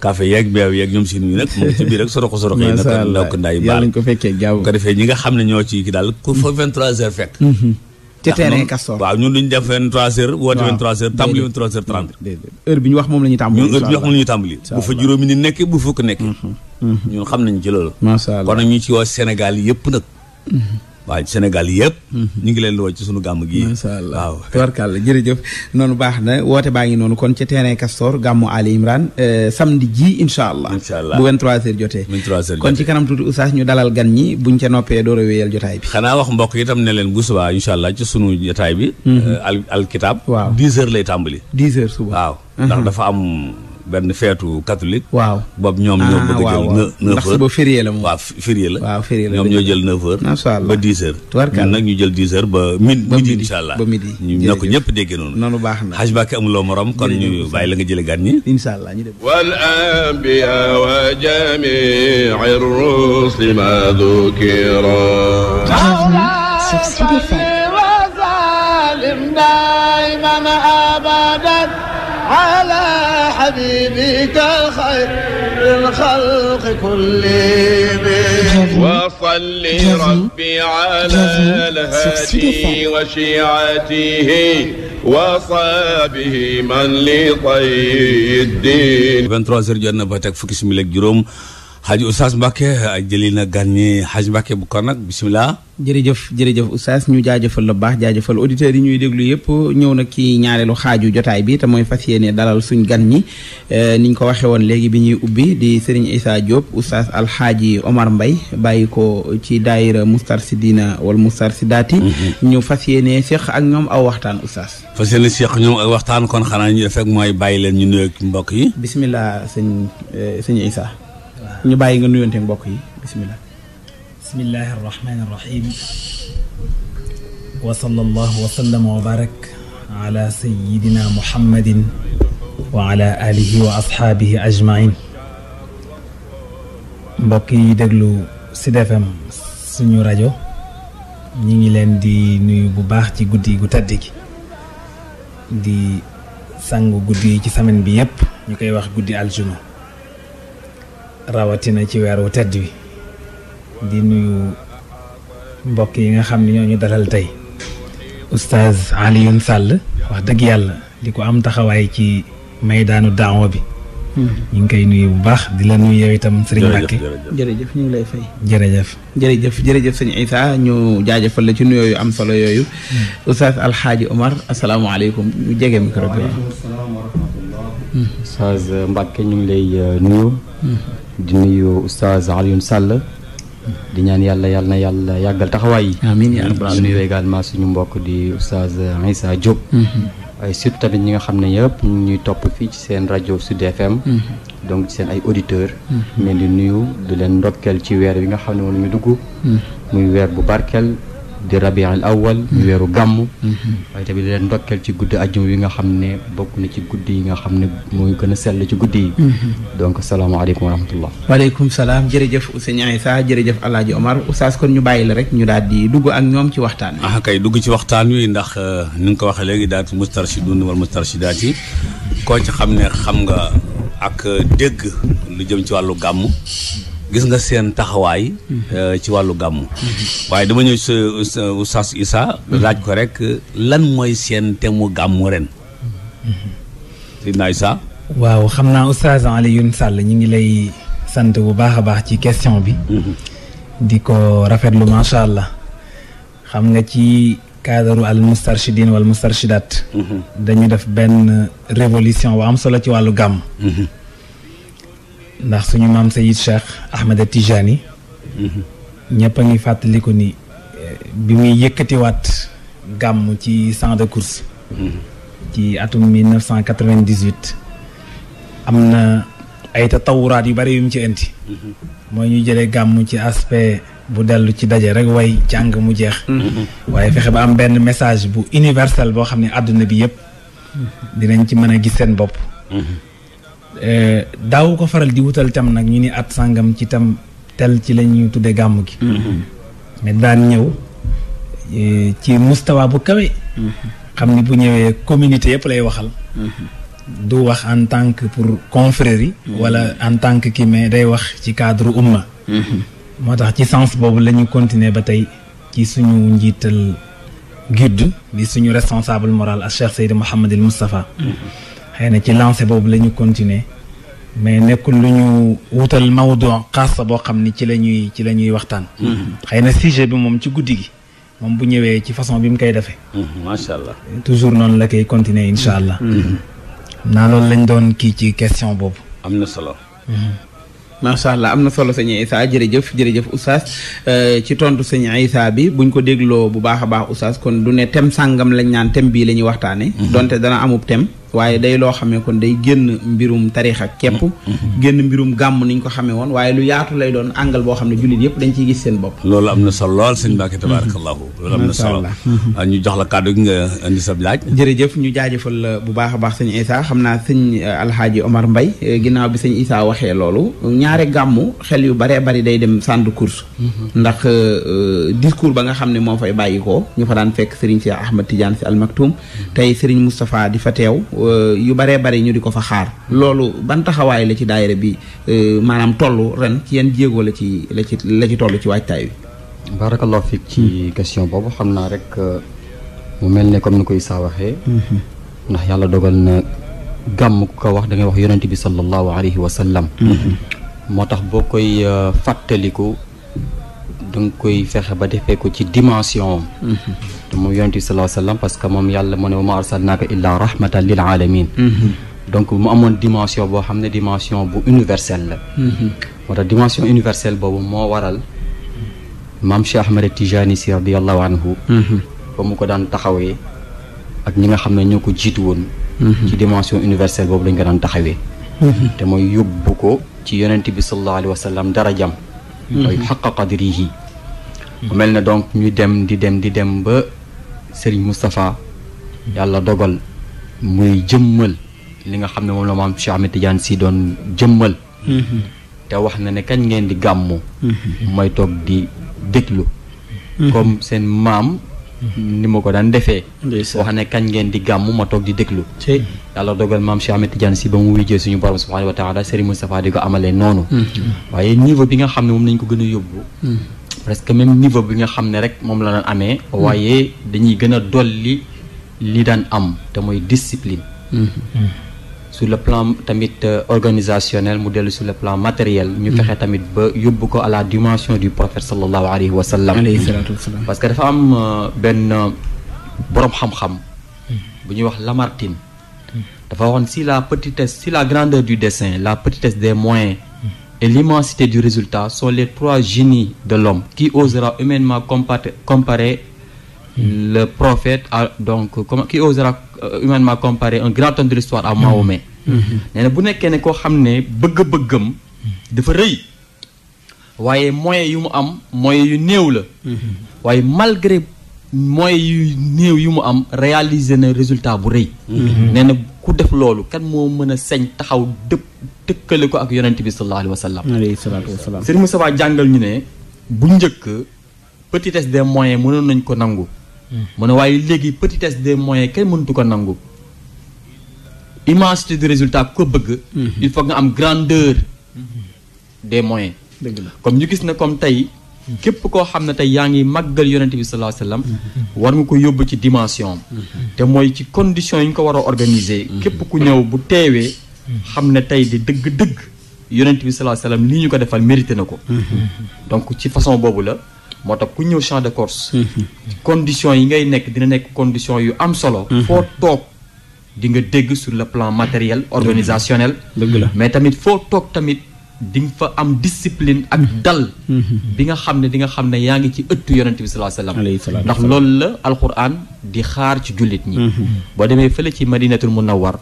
café yeeg meew yeeg ñoom siin wi nag moom ci biir rek soroxo soroxo yi nag ndawk ndaay baal ko defee ñi nga xam ne ñoo ci ki daal ku fa vingt trois heures fekk ci terrain Castor waaw ñun duñ def 23h woote 23h tàmbali 23 h heure bi ñu wax moom la ñuy tàmbali ñun heure bi ñu wax moom la ñuy tàmbali bu fa juróomi nit nekk bu fukk nekk mm-hmm. Mm-hmm. ñun xam nañ ci loolu kon nag ñu ci woo Sénégal yëpp nag mm-hmm. waaw Sénégal yëpp. Mhm. ñu ngi leen di woo ci sunu gàmm gi. macha allah noonu baax na woote baa ngi noonu kon ci terrain Castor gàmmu Ali Imran euh, samedi ji incha allah. incha allah bu 23h jotee. 23h kon ci kanam tuuti oustaz ñu dalal gan ñi buñ ca noppee door a jotaay bi. xanaa wax mbokk itam ne leen bu subaa incha allah ci sunu jotaay bi. Mhm. Euh, al al waaw 10h lay tàmbali. 10h suba waaw. Mhm. ndax dafa am. benn feetu catholique. waaw boobu ñoom ñoo ah, bëgg a jël. neuf heures ndax férié la moom. ñoom ñoo jël neuf heures. macha allah nag ñu jël dix heures midi ba midi incha midi. ñu na ko ñëpp dégg noonu. baax na xaj bàkke amuloo morom kon ñu bàyyi la nga jëlee gan ñi. wal anbiya wa jami'i rusli ma dhukira دائما حبيبك خير الخلق كلهم وصل ربي على الهادي وشيعته وصابه من لطي الدين 23 heures jot na ba teg fukki simili ak juróom xaaji Oustaz Mbacke jëli na gan ñi xaaji Mbacke bu kon nag bisimilah. jërëjëf jërëjëf Oustaz ñu jaajëfal la baax jaajëfal auditeurs yi ñuy déglu yëpp ñëw na ci ñaareelu xaaju jotaay bi te mooy fas yéene dalal suñ gan ñi eh, ni ñu ko waxee woon léegi bi ñuy ubbi di Serigne Issa Diop Oustaz Alxaaji Omar mbay bàyyi ko ci daayira Moustarchidina wal Moustarchidaati mm-hmm. ñu fas yéene seq ak ñoom aw waxtaan Oustaz. fas yéene seq ñoom aw waxtaan kon xanaa ñu def mooy bàyyi leen ñu nuyoog mbokk yi. bisimilah sëñ eh, sëñ Issa. ñu bàyyi nga nuyonteeg mbokk yi bisimilah. bismillahi arrahmani arrahim wa sallallahu wa sallama wa barak ala sayidina muhammadin wa ala alihi wa ashaabihi ajmain mbokk yi déglu Sud suñu rajo ñi ngi leen di nuyu bu baax ci guddi gu tedd gi di sangu guddi ci semaine bi yépp ñu koy wax guddi aljuma rawatina ci weeru tedd wi di nuyu mbokk yi nga xam ne ñoo ñu dalal tey oustaz Alioune sàll wax dëgg yàlla di ko am taxawaay ci daanu daawo bi hmm. ñu ngi koy nuyu bu baax di la nuyu itam sëriñ ñu ngi lay fay jërëjëf jërëjëf jërëjëf sëñ Issa ñu jaajëfal la ci nuyoo yu am solo yooyu hmm. oustaz Alxaaji Omar asalaamaaleykum ñu jege micro hmm. Mbàkke ñu ngi lay euh, nuyu di nuyu oustaz Alioune Sall di ñaan yàlla yàlla na yàlla yàggal taxawaay yi. amiin yaa rabbal suñu mbokk di oustaz Issa Diop. waaye mm-hmm. surtout tamit ñi nga xam ne yëpp ñu ñuy topp fii ci seen rajo Sud FM. Mm-hmm. donc ci seen ay auditeurs. ñu mm-hmm. leen di nuyu di leen ndokkeel ci weer bi nga xam ne moom la ñu dugg. muy weer bu barkeel. di rabi al awal ñu mm-hmm. weeru gàmm mm-hmm. waaye tamit di leen ndokkeel ci guddi ajjuma yi nga xam ne bokk na ci guddi yi nga xam ne mooy gën a sell ci guddi yi mm-hmm. donc salaamaaleykum wa rahmatullah waaleykum salaam jërëjëf Ousseynou Issa jërëjëf Alaaji Omar Oustaz kon ñu bàyyi la rek ñu daal di dugg ak ñoom ci waxtaan ah kay dugg ci waxtaan wi ndax euh, ni nga ko waxee léegi daal mustarshidun wal mustarshidaat yi koo ci xam ne xam nga ak euh, dégg lu jëm ci wàllu gàmm gis nga seen taxawaay. Mhm. Euh, ci wàllu gàmmu. waaye dama ñëw sa oustaz Issa. Mhm. laaj ko rek lan mooy seen temu gàmmu ren. Mhm. Seydina Issa. waaw xam naa oustaz Alioune sàll ñu ngi lay sant bu baax a baax ci question bi. di ko rafetlu macha allah. xam nga ci cadre al mustarshidin wal mustarshidat. dañu def benn révolution bu am solo ci wàllu gàmm. ndax suñu maam Sayid Cheikh Ahmed Tijani ñëpp a ngi fàttaliku ni eh, bi muy yëkkatiwaat gàmm ci cent de course ci atum 1998 am na ay tatawuraat yu bari yu mu ci indi mooy ñu jëlee gàmmu ci aspect bu dellu ci daje rek way jàng mu jeex waaye fexe ba am benn message bu universel boo xam ne àdduna bi yëpp dinañ ci mën a gis seen bopp Eh, daaw ko faral di wutal tam nag ñu ni at sàngam ci tam tel ci la ñuy tuddee gàmm gi. mais mm-hmm. daan ñëw eh, ci mustawa bu kawe. Mm-hmm. xam ni bu ñëwee communité yëpp lay waxal. Mm-hmm. du wax en tant pour confrérie yi. wala en tant que kii mais day wax ci cadre umma. moo tax ci sens boobu la ñu continuer ba tey ci suñu njiital guide. di suñu responsable moral ak Cheikh Seydi Mouhamadil Moustapha. xëy na ci lancé boobu la ñu continuer mais nekkul lu ñu wutal mawdu xaasa boo xam ni ci la ñuy ci la ñuy waxtaan. Mm-hmm. xëy na sujet bi moom ci guddi gi moom bu ñëwee ci façon bi mu koy defee. Mm-hmm. macha allah toujours noonu la koy continuer incha allah. Mm-hmm. naa loolu lañ doon kii ci question boobu. am na solo. macha allah am na solo sëñ Issa jërëjëf jërëjëf oustaz euh, ci tontu sëñ Issa bi buñ ko dégloo bu baax a baax oustaz kon du ne tem sàngam lañ naan tem bii la ñuy waxtaanee. donte dana amub tem. waaye day loo xamee kon day génn mbirum ak kepp mm-hmm. génn mbirum gàmm niñ ko xamee woon waaye lu yaatu lay doon angal boo xam ne jullit yëpp dañ ciy gis seen bopp loolu am na solo lool sëñ Mbacke tabarakallahu mm-hmm. loolu am na solo ah, ñu jox la kàddu gi nga indi sa laaj jërëjëf ñu jaajëfal bu baax a baax sëñ Issa xam naa sëñ eh, Alhaaji Omar mbay eh, ginnaaw bi sëñ Issa waxee loolu ñaare gàmmu xel yu baree bari day dem sand course mm-hmm. ndax eh, discours ba nga xam ne moo fay bàyyi ko ñu fa daan fekk sëriñ Cheikh Ahmad Tidiane si Al Maktoum tey sëriñ Moustapha di fa teew yu baree bari ñu di ko fa xaar loolu ban taxawaay la ci daayira bi euh, maanaam tollu ren ci yan jéego la ci la ci la ci toll ci waajtaay wi barakallahu fiik ci hmm. question boobu xam naa rek euh, mu mel ne comme ni koy saa waxee hmm. ndax yàlla dogal na gàmm ku ko wax dangay ngay wax yonent bi sallallahu alayhi wa sallam hmm. moo tax boo koy euh, fàttaliku da nga koy ba defee ko ci dimension am mm-hmm. te moom yonent bi parce que moom yàlla mu ne wa ma arsalnaaka illa rahmatan lil alamin mm-hmm. donc mu amoon dimension boo xam ne dimension bu universelle la mm-hmm. moo dimension universelle boobu moo waral maam Cheikh Ahmed Tijani si radiallahu anhu ko daan taxawee ak ñi nga xam ne ñoo ko jiitu woon ci dimension universelle boobu lañ ko daan taxawee te mooy yóbbu ko ci yonent bi sallallahu alayhi wa darajam mooy xaqa qadrihi mu mel na donc ñu dem di dem di dem ba Serigne Moustapha yàlla dogal muy jëmmal li nga xam ne moom la maam Cheikh Ahmed Tidiane si doon jëmmal mhm. te wax na ne kañ ngeen di gàmmu may mhm. di déglu mhm. comme seen maam ni ma ko daan defee wax ne kañ ngeen di gàmmu ma toog di déglu yàlla dogal maam Cheikh Ahmed Tidiane si ba mu wujjee suñu borom subhanahu wa taala Serigne Moustapha di ko amalee noonu waaye niveau bi nga xam ne moom lañ ko gën a yóbbu presque même niveau bi nga xam ne rek moom la doon amee. Hmm. waaye dañuy gën a dolli li daan am te mooy discipline. Hmm. Hmm. sur le plan tamit euh, organisationnel mu dellu sur le plan matériel. ñu fexe tamit ba yóbbu ko la dimension du prophète sallallahu alayhi wa sallam. alayhi salaatu wa salaam parce que dafa am euh, benn euh, borom xam-xam. bu ñuy wax Lamartine. dafa waxoon si la petitesse si la grandeur du dessein la petitesse des moyens. et l'immensité du résultat sont les trois génies de l'homme qui osera humainement comparer, comparer mm. le prophète à, donc qui osera euh, humainement comparer un grand homme de l'histoire à hmm. Mahomet hmm. nee na bu nekkee ne koo xam ne bëgg-bëggam dafa rëy waaye moyens yu mu am moyens yu néew la hmm. waaye malgré moyens yu néew yu mu am réaliser na résultat bu rëy nee ku def loolu kan moo mën a sañ taxaw dëpp tëkkale ko ak yonent bi sallallahu alayhi wa sallam. alayhi salaatu wa salaam. Serigne Moustapha jàngal ñu ne bu njëkk petitesse des moyens mënoon nañ ko nangu. Hmm. mu ne waaye léegi petitesse des moyens kenn mënatu ko nangu. immensité de résultat ko bëgg. Hmm. il faut nga am grandeur. Hmm. des moyens. dëgg la comme ñu gis ne comme tey. képp koo xam na tey yaa ngi màggal yonent bi sallallahu alayhi war nga ko yóbbu ci dimension te mooy ci condition yi ñu ko war a organiser képp ku ñëw bu teewee xam ne tey di dëgg-dëgg yonent bi sallallahu alayhi wasallam ñu ko defal mérité na ko donc ci façon boobu la moo tax ku ñëw champ de course condition yi ngay nekk dina nekk condition yu am solo foo toog di nga dégg sur le plan matériel organisationnel dëgg la mais tamit foo toog tamit di nga fa am discipline ak mm-hmm. dal mm-hmm. bi nga xam ne di nga xam ne yaa ngi ci ëttu yonent bi sallallahu alayhi wasallam ndax loolu la alquran di xaar ci jullit ñi mm-hmm. boo demee fële ci madinatul munawwar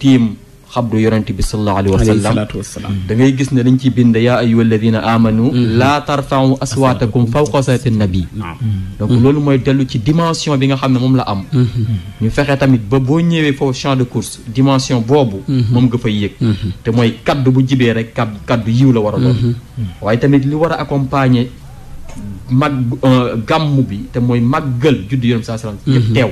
tiim xabru yonente bi sallallahu alayhi wa sallam da ngay gis ne dañ ci bind yaa ayyuha alladina amanu mm-hmm. laa faw aswaatakum fawqa sawti nabi mm-hmm. mm-hmm. donc loolu mooy dellu ci dimension bi nga xam ne moom la am ñu fexe tamit ba boo ñëwee foofu champ de course dimension boobu moom nga fay yëg te mooy kaddu bu jibee rek kaddu kaddu yiw la war a doon waaye tamit li war a accompagner mag euh, gàmm bi te mooy màggal juddu yonente bi sallallahu alayhi wa yëpp teew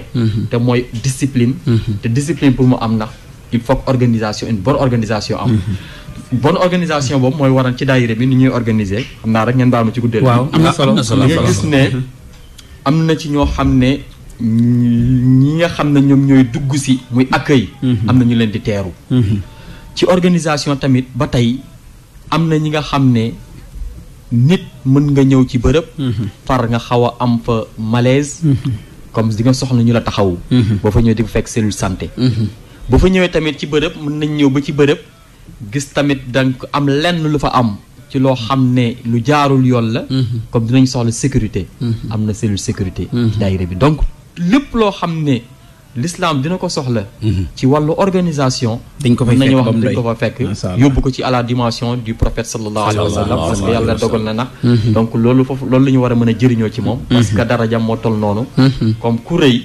te mooy discipline te discipline pour mu am ndax il faut organisation une bonne organisation am. Mm-hmm. bonne boobu mooy waral ci daayira bi ni ñuy organiser xam naa rek ngeen baal ma ci guddee. waaw am solo li nga gis ne am na ci ñoo xam ne ñi nga xam ne ñoom ñooy dugg si muy accueil. Mm-hmm. am na ñu leen di teeru. Mm-hmm. ci organisation tamit ba tey am na ñi nga xam ne nit mën nga ñëw ci bërëb. far nga xaw a am fa malaise. comme di nga soxla ñu la taxawu. boo fa ñëwee di fekk cellule santé. bu fa ñëwee tamit ci bërëb mën nañ ñëw ba ci bërëb gis tamit donc am lenn lu fa am ci loo xam ne lu jaarul yoon la mhm. comme dinañ soxla sécurité mhm. am na cellule sécurité ci mhm. daayira bi donc lépp loo xam ne l'islam dina ko soxla ci wàllu organisation dañ ko fay fekk nañu wax dañ ko fa fekk yóbbu ko ci à la dimension du prophète sallallahu alayhi wa sallam parce que yàlla dogal na nag donc loolu foofu loolu la ñu war a mën a jëriñoo ci moom parce que darajam moo toll noonu comme ku rëy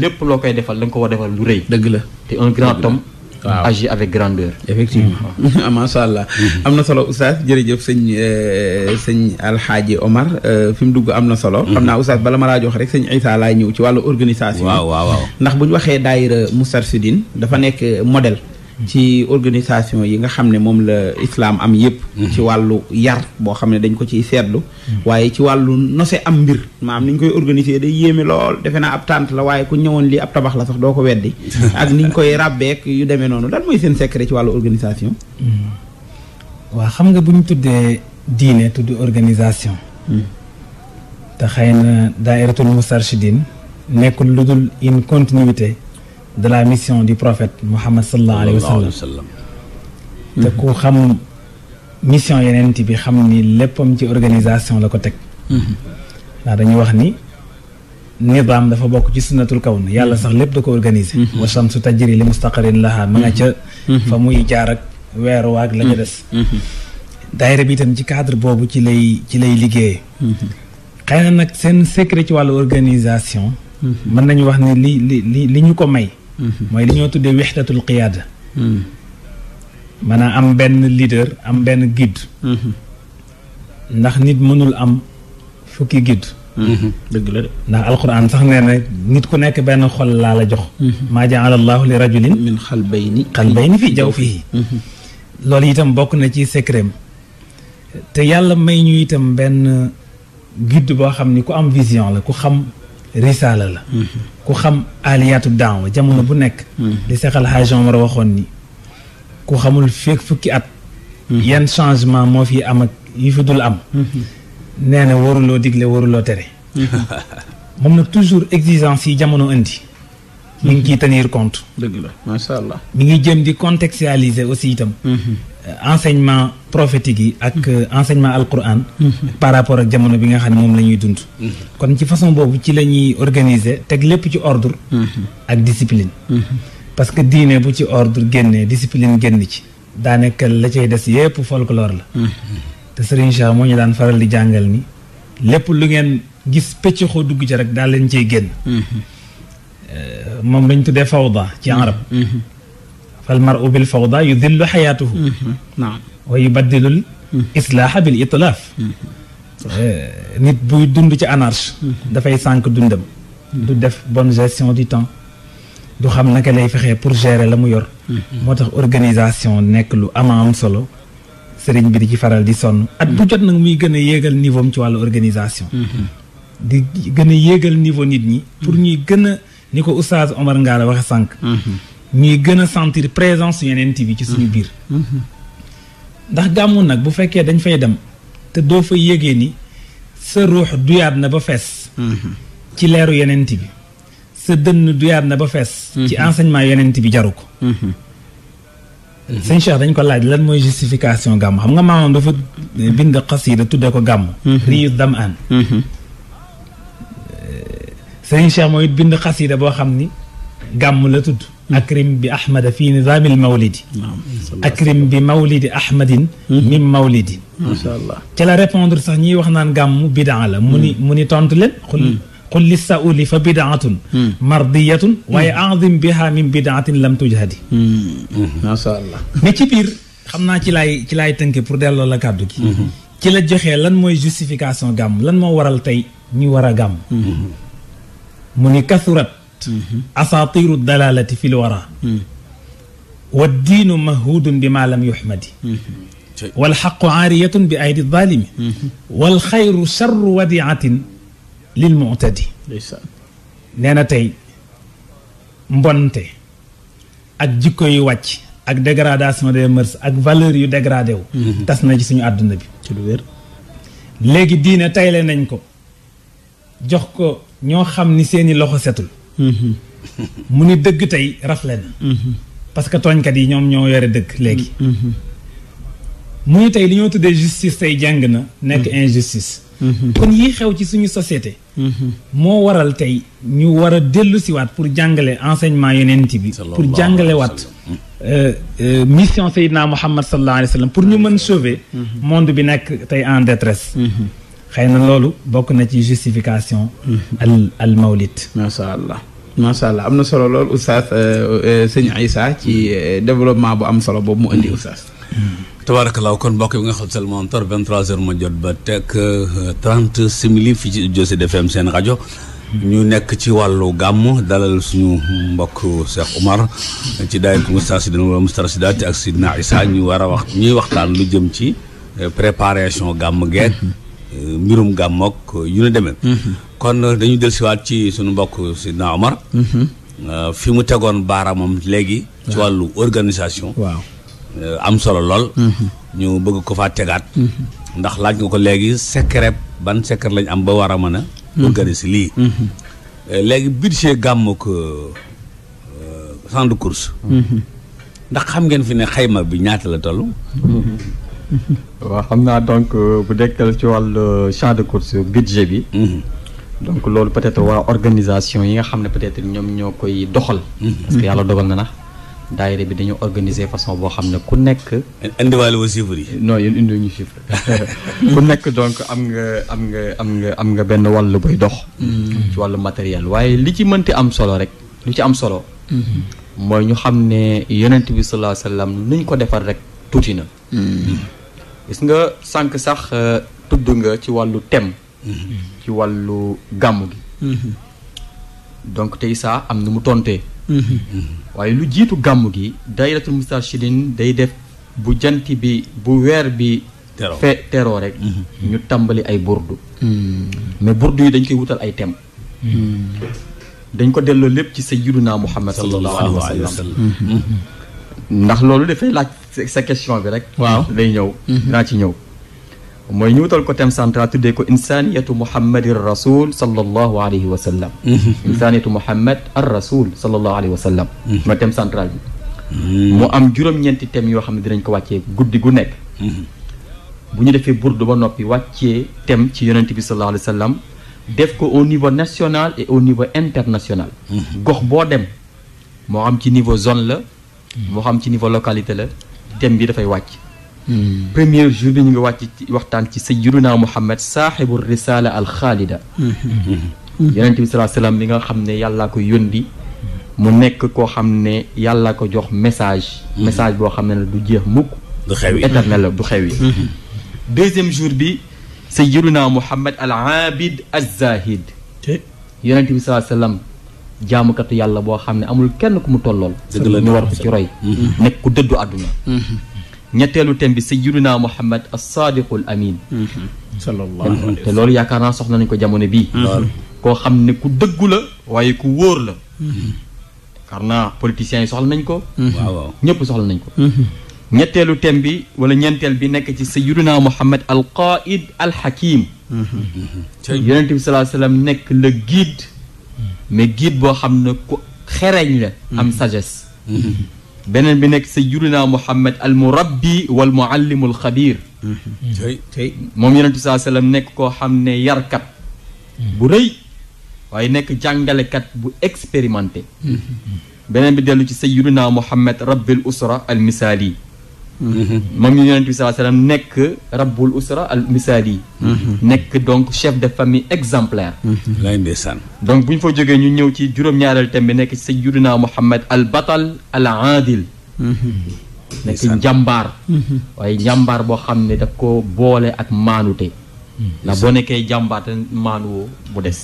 lépp loo koy defal lañ nga ko war defal lu rëy. dëgg la te un grand homme. waaw agit avec grandeur. effectivement ah, macha allah. Mm-hmm. am na solo oustaz jërëjëf sëñ euh, sëñ Alxaaji Omar euh, fi mu dugg am na solo. Mm-hmm. xam naa oustaz bala ma laa jox rek sëñ Issa laay ñëw ci wàllu organisation. waaw ndax bu ñu waxee daayira Moustarchidine dafa nekk model ci organisation yi nga xam ne moom la islaam am yëpp mhm. ci wàllu yar boo xam ne dañ ko ciy seetlu mhm. waaye ci wàllu nose am mbir maam ni koy organiser day yéeme lool defe naa ab tànt la waaye ku ñëwoon lii ab tabax la sax doo ko weddi ak niñ koy ràbbeek yu deme noonu lan mooy seen secret ci wàllu organisation mhm. waa xam nga bu tuddee diine tudd organisation te xëy na daayiratul mustarshidin nekkul lu dul une continuité de la mission du prophète Muhammad sallallahu alayhi wa sallam te ku xam mission yeneen bi xam ni léppam ci organisation la ko teg waa mhm. dañuy wax ni nizaam dafa bokk ci sunnatul kawn yàlla sax lépp da ko organiser mhm. wa shamsu tajri li mustaqarin laha ma nga ca mhm. fa muy jaar ak weer waag la ca des daayira bi itam ci cadre boobu ci lay ci lay liggéeyee xëy na nag seen secret ci wàllu organisation mën nañu wax ni li li li li ñu ko may mooy li ñoo tuddee wixdatul qiyaada maanaam am benn leader am benn guide ndax nit mënul am fukki guide dëgg la de ndax alquran sax nee na nit ku nekk benn xol laa la jox maa jaala allahu li rajulin min xalbayni xalbayni fii jaw fii loolu itam bokk na ci secret te yàlla may ñu itam benn guide boo xam ni ku am vision la ku xam risaala la ku xam aliyaatu daawa jamono bu nekk li Seexal Hajj Omar waxoon ni ku xamul feek fukki at yan changement moo fi am ak yi fi dul am nee na waruloo digle waruloo tere moom nag toujours exigence yi jamono indi mi ngi ciy tenir compte dëgg allah mi ngi jëm di contextualiser aussi itam mhm. Euh, enseignement prophétique yi ak euh, enseignement alquran par rapport ak jamono bi nga xam ne moom la ñuy dund kon ci façon boobu ci la ñuy organiser teg lépp ci ordre ak discipline parce que diine bu ci ordre génnee discipline génn ci daanaka la cay des yépp folklore la te Serigne moo ñu daan faral di jàngal ni lépp lu ngeen gis pëcc xoo dugg ci rek daal leen cay génn euh, moom lañ tuddee fawda ci arab fal maru bil fawda yudillu xayaatuhu naam wa yubaddilul islaaha bil itlaaf nit buy dund ci anarchie dafay sànq dundam du def bonne gestion du temps du xam naka lay fexee pour gérer la mu yor moo tax organisation nekk lu ama am solo sëriñ bi di ci faral di sonn at bu jot nag muy gën a yéegal niveau am ci wàllu organisation di gën a yéegal niveau nit ñi pour ñuy gën a ni ko oustaz Omar Ngara waxe sànq ñuy gën a sentir présence yeneen bi ci suñu mm-hmm. biir mm-hmm. ndax gàmmu nag bu fekkee dañ fay dem te doo fa yégee ni sa ruux duyaat na ba fees mm-hmm. ci leeru yeneen bi sa dënn duyaat na ba fees ci enseignement yeneen bi jaru ko sëñ Cheikh dañ ko laaj lan mooy justification gàmmu xam nga maamam dafa bind xasida tudde ko gàmmu riyu dam an sëñ Cheikh mooy bind xasida boo xam ni gàmm la tudd akrim bi ahmada fi nizaami lmawlidi akrim bi mawlidi ahmadin min mawlidi macha allah ca la répondre sax ñiy wax naan gàmm bidaa la mu ni mu ni tontu leen xul qul li sauli fa bidaatun mardiyatun waaye azim biha min bidaatin lam tujhadi macha allah mais ci biir xam naa ci laay ci laay tënke pour delloo la kàddu gi ci la joxee lan mooy justification gàmm lan moo waral tey ñu war a gàmm mm-hmm. mu ni kasurat asaatiru dalalati fi lwara wa diinu mahudun bi maa lam yuxmadi wal xaqu aariyatun bi aydi zaalimi wal xayru charru wadiatin lil mu'tadi nee na tey mbonte ak jikko yu wàcc ak dégradation des mœurs ak valeur yu dégradé wu mm-hmm. tas na ci suñu àdduna bi ci lu wér léegi diine tayle nañ ko jox ko ñoo xam ni seeni loxo setul Mm-hmm. mu ni dëgg tey rafle na mm-hmm. parce que tooñkat yi ñoom ñoo yore dëgg léegi mm-hmm. mu ni tey li ñoo tuddee justice tey jàng na nekk injustice kon yii xew ci suñu societé moo waral tey ñu war a dellu siwaat pour jàngale enseignement yonent bi pour jàngale waat euh, euh, mission naa Muhammad sallallahu alayhi wa sallam pour ñu mën sauver monde bi nekk tey en détresse xëy na loolu bokk na ci justification al al mawlid macha allah am na solo lool oustaz euh, euh, sëñ Aïssa ci euh, développement bu am solo boobu mu indi oustaz. tabaarakallaa kon mbokk yi nga xam sel montor 23h ma jot ba teg 30 simili fii ci Jossi FM seen rajo. ñu nekk ci wàllu gàmm dalal suñu mbokk Cheikh Omar ci daayira Moustarchidina wala Moustarchidaty ak Sidna Issa ñu war a wax ñuy waxtaan lu jëm ci préparation gàmm geek mbirum gàmmook yu ne demee mhm. kon dañu dellusiwaat ci suñu mbokk si Sidna Omar mhm. euh, fi mu tegoon baaraamam léegi ci wàllu organisation waaw euh, am solo lool mhm. ñu bëgg ko faa tegaat ndax laaj nga ko léegi secret ban secret lañ am ba war a mën a organiser lii euh, léegi budget gàmmoog champ de course ndax xam ngeen fi ne xayma bi ñaata la toll waaw xam naa donc euh, bu dekkal ci wàllu euh, champ de course budget bi. Mhm. donc loolu peut-être waa organisation yi nga xam ne peut-être ñoom ñoo koy doxal. Mhm. parce yàlla dogal na na daayira bi dañoo organiser façon boo xam ne ku nekk. indiwaale woo chiffres yi. non yéen indi ñu chiffre ku nekk donc am nga am nga am nga am nga benn wàll buy dox. Mhm. ci wàllu matériel waaye li ci mënti am solo rek lu ci am solo. mooy ñu xam ne yonent bi sallallahu alayhi nuñ ko defar rek tuuti na. gis nga sànq sax euh, tudd nga ci wàllu tem mm-hmm. ci wàllu gàmmu gi. Mm-hmm. donc tey saa am na mu tontee. Mm-hmm. waaye lu jiitu gàmmu gi dayratul mustarshidin day def bu jant bi bu weer bi. fe teroo rek. ñu tàmbali ay burdu. mais burdu yi dañ koy wutal ay thèmes. dañ ko delloo lépp ci sa Muhammad naa alayhi wa sallam. ndax loolu dafay laaj sa question bi rek. waaw lay ñëw. Mhm. naa ci ñëw. mooy ñu wutal ko thème central tuddee ko insaniyatu muhammadin rasul sallallahu alayhi wa sallam. Mhm. insaniyatu muhammad ar rasul sallallahu alayhi wa sallam. Mhm. mooy thème central bi. mu am juróom-ñeenti thèmes yoo xam ne dinañ ko wàccee guddi gu nekk. bu ñu defee burdu ba noppi wàccee thème ci yonent bi sallallahu alayhi wa def ko au niveau national et au niveau international. gox boo dem moo xam ci niveau zone la. moo xam ci niveau localité la. thème bi dafay wàcc. Hmm. premier jour bi ñu ngi wàcc waxtaan ci sayyiduna Muhammad saaxibu risala al xaalida. Hmm. yonent bi salaa salaam nga xam ne yàllaa ko yóndi mu nekk koo xam ne yàlla ko jox message. Hmm. message boo xam ne la du jeex mukk. du xewi éternel la du xewi. deuxième jour bi sayyiduna Muhammad al aabid az zahid. yonent bi salaa salaam jaamukatu yàlla boo xam ne amul kenn ku mu tollool ñu war ko ci roy mm-hmm. mm-hmm. nekk ku dëddu àdduna mm-hmm. ñetteelu thème bi sayyiduna muhammad as-sadiqul amin sallallahu te loolu yaakaar naa soxla nañ ko jamono bii koo xam ne ku dëggu la waaye ku wóor la yaakaar naa politiciens yi soxla nañ ko waaw ñëpp soxla nañ ko ñetteelu thème bi wala ñeenteel bi nekk ci sayyiduna muhammad al qaid al hakim yonente bi nekk le guide mais guide boo xam ne ku xereñ la am sagesse beneen bi nekk sayyiduna Muhammad al murabbi wal muallimu moom yonent bi saa sallam nekk koo xam ne yarkat bu rëy waaye nekk jàngalekat bu expérimenté hmm. beneen bi dellu ci sayyiduna Muhammad rabbil usra al misaali Mm-hmm. moom ñu yonent bi saa nekk rabbul usra al misaali mm-hmm. nekk donc chef de famille exemplaire mm-hmm. lay donc bu ñu fa jógee ñu ñëw ci juróom-ñaareel thème bi nekk ci sayyiduna Muhammad al batal al aadil nekk njàmbaar waaye njàmbaar boo xam ne daf ko boole ak maanute ndax boo nekkee jàmbaar te maanu woo mu des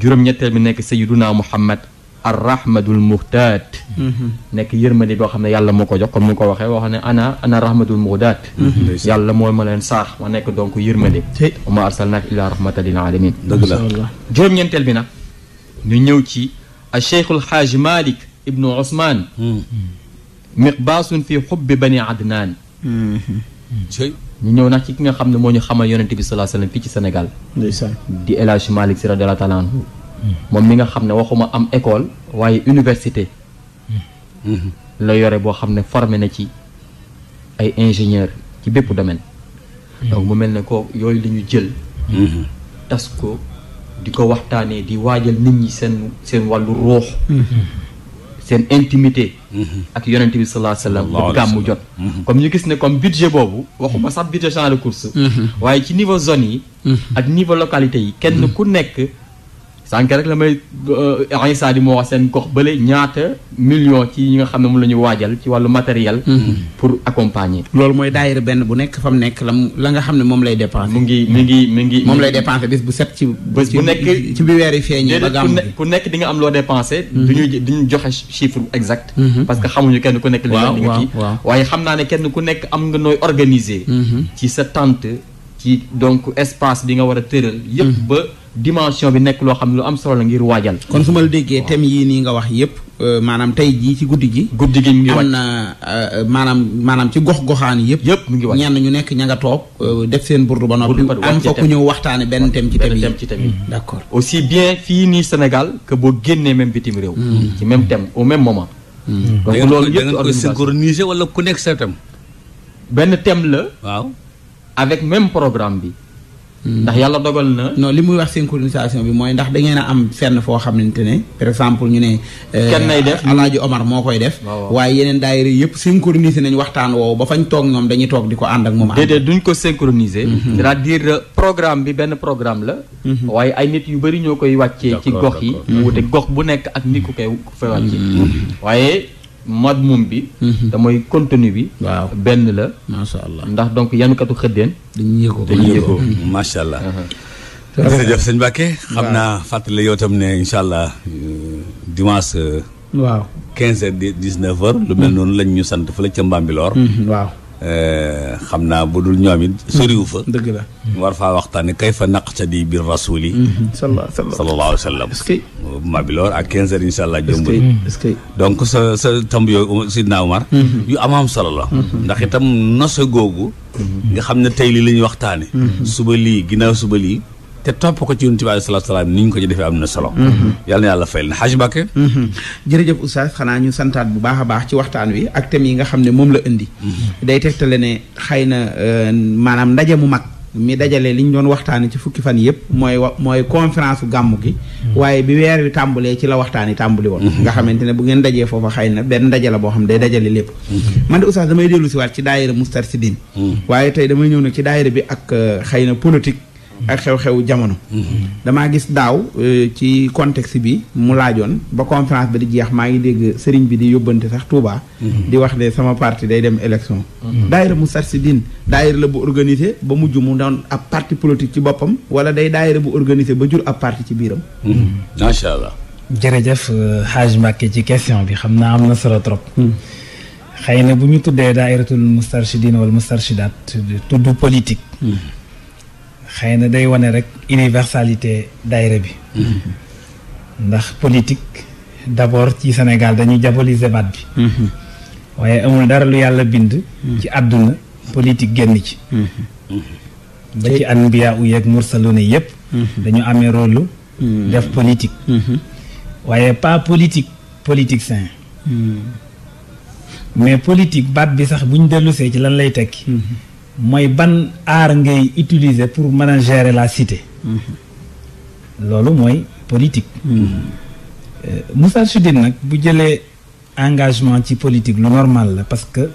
juróom-ñetteel bi nekk sayyiduna Muhammad arrahmadul muhtaat mhm. nekk yërmande boo xam ne yàlla moo ko jox comme ni ko waxee wax ne ana ana rahmadul muhdaat mhm. yàlla mooy ma leen saax ma nekk donc yërmande wa ma arsalnaaka illaa rahmatan lil alamin dëgg la juróom bi na ñu ñëw ci a cheikhul xaaj malik ibnu ousman mhm. miqbaasun fi xubbi bani adnaan ñu ñëw nag ci ki nga xam ne moo ñu xamal yonente bi salaa sallam fii ci Sénégal di El Hadj Malick si radiyallaahu taala anhu moom mi nga xam ne waxuma am école waaye université la yore boo xam ne formé na ci ay ingénieur ci bépp domaine donc mu mel ne ko yooyu la jël tas ko di ko waxtaanee di waajal nit ñi seen seen wàllu ruux seen intimité ak yonent bi sallallahu alayhi wasallam gàmmu jot mhm. comme ñu gis ne comme budget boobu waxuma sax budget champ course mhm. waaye ci niveau zone yi mhm. ak niveau localité yi kenn ku nekk sànq rek la may euh, Aïssa di moo wax seen gox bële ñaata million ci ñu nga xam ne moom la ñu waajal ci wàllu matériel. Mm-hmm. pour accompagner. loolu mooy daayira benn bu nekk fa mu nekk la la nga xam ne moom lay dépensé. mu ngi mi ngi mi ngi. moom lay dépensé bés bu set ci. bés bu nekk ci bi weer yi feeñee. ba am ku nekk di nga am loo dépensé. Mm-hmm. du ñu du ñu joxe chiffre exact. Mm-hmm. parce que xamuñu kenn ku nekk. li nga di nga kii waaye xam naa ne kenn ku nekk am nga nooy organiser. ci sa tante. ci donc espace bi nga war a tëral. yëpp mhm. ba dimension bi nekk loo xam lu am solo ngir waajal. kon su ma la déggee thèmes yii nii nga wax yëpp euh, maanaam tey jii ci guddi gi. guddi gi mu am na euh, maanaam maanaam ci gox-goxaan yëpp. yëpp mu ngi wàcc ñenn ñu nekk ña nga toog euh, def seen burdu ba noppi. am fa ku ñëw waxtaane benn thème ci thème yi benn thème mm. d' accord aussi bien fii nii Sénégal que boo génnee même bitim réew. Mm. ci même tem au même moment. Mm. donc loolu yëpp da ngeen ko synchroniser wala ku nekk sa thème. benn tem la waaw. avec même programme bi. Hmm. ndax yàlla dogal na. non li muy wax synchronisation bi mooy ndax da ngeen a am fenn foo xamante ne par exemple ñu ne. Euh, kenn nay def Alaaji Omar moo koy def. waaye yeneen daayira yëpp synchronisé nañu waxtaan woowu ba fañ toog ñoom dañuy toog di ko ànd ak moom. déedéet duñ ko synchronisé. Hmm, hmm. cest diir euh, programme bi benn programme la. waaye ay nit yu bëri ñoo koy wàccee. ci gox yi mu wute gox bu nekk ak nit ku koy ku fay wàccee. waaye. madmum bi. Mhm. te mooy contenu bi. waaw benn la. macha allah ndax donc yanukatu xëddeen. dañuy yëgoo dañuy yëgoo macha allah. Uh-huh. jërëjëf sëñ Mbacke. naa fàttali yow tam ne incha allah euh, dimanche. Euh, waaw quinze heures dix neuf heures. lu mel mm. noonu lañ ñu sant fële ca Mbambilor. Mm-hmm. waaw. xam naa bu dul ñoom it soriwu fa. Mm-hmm. dëgg la war faa waxtaanee kay fa naqtadi bi rasuli. Mm-hmm. sallallahu alayhi wa sallam. est-ce que. ma bi loor ak 15 heures incha allah jëmb. est-ce que donc sa sa tamb yooyu Sidna Omar. Mm-hmm. yu amaam solo la. ndax itam nosa googu. nga xam ne tey lii la ñuy waxtaanee. suba lii ginnaaw suba lii. te topp ko ci yonent bi alayhi salaatu salaam ñu ko am na solo. Mhm. yal na yàlla fayal na xaj Mbàkke. Mhm. jërëjëf oustaz xanaa ñu santaat bu baax a baax ci waxtaan wi ak thèmes nga xam ne moom la indi. Mhm. day tegtale ne xëy na euh, maanaam ndaje mu mag. mi dajale li ñu doon waxtaanee ci fukki fan yëpp mooy wa mooy conférence gàmm gi. waaye bi weer wi tàmbalee ci la waxtaan yi tàmbali woon. nga xamante ne bu ngeen dajee foofa xëy na benn ndaje la boo xam day dajale lépp. man de oustaz damay dellu si waat ci daayira Moustarchidine. waaye tey damay euh, na politique. ak xew-xewu jamono. damaa gis daaw euh, ci contexte bi mu laajoon ba conférence ba di jeex maa ngi dégg sëriñ bi di yóbbante sax Touba. Mm-hmm. di wax ne sama parti day dem élection. Mm-hmm. daayira mu sarsi diin daayira la bu organisé ba mujj mu doon ab parti politique ci boppam wala day daayira bu organisé ba jur ab parti ci biiram. Mm-hmm. macha allah. jërëjëf euh, Hadj Mbacke ci question bi xam naa am na solo trop. Mm. xëy na bu ñu tuddee daayiratul mustarshidin wala mustarshidaat tudd xëy na day wane rek universalité daayira bi ndax politique d'abord ci Sénégal dañuy diaboliser baat bi waaye amul dara lu yàlla bind ci àdduna politique génn ci ba ci anbiya u yeeg mursaluna yëpp dañu amee rôle def politique waaye pas politique politicien hmm. mais politique baat bi sax bu ñu dellusee ci lan lay tekki mooy ban aar ngay utiliser pour mën a gérer la cité mhm. loolu mooy politique euh, Moustarchidine nag bu jëlee engagement ci politique lu normal la parce que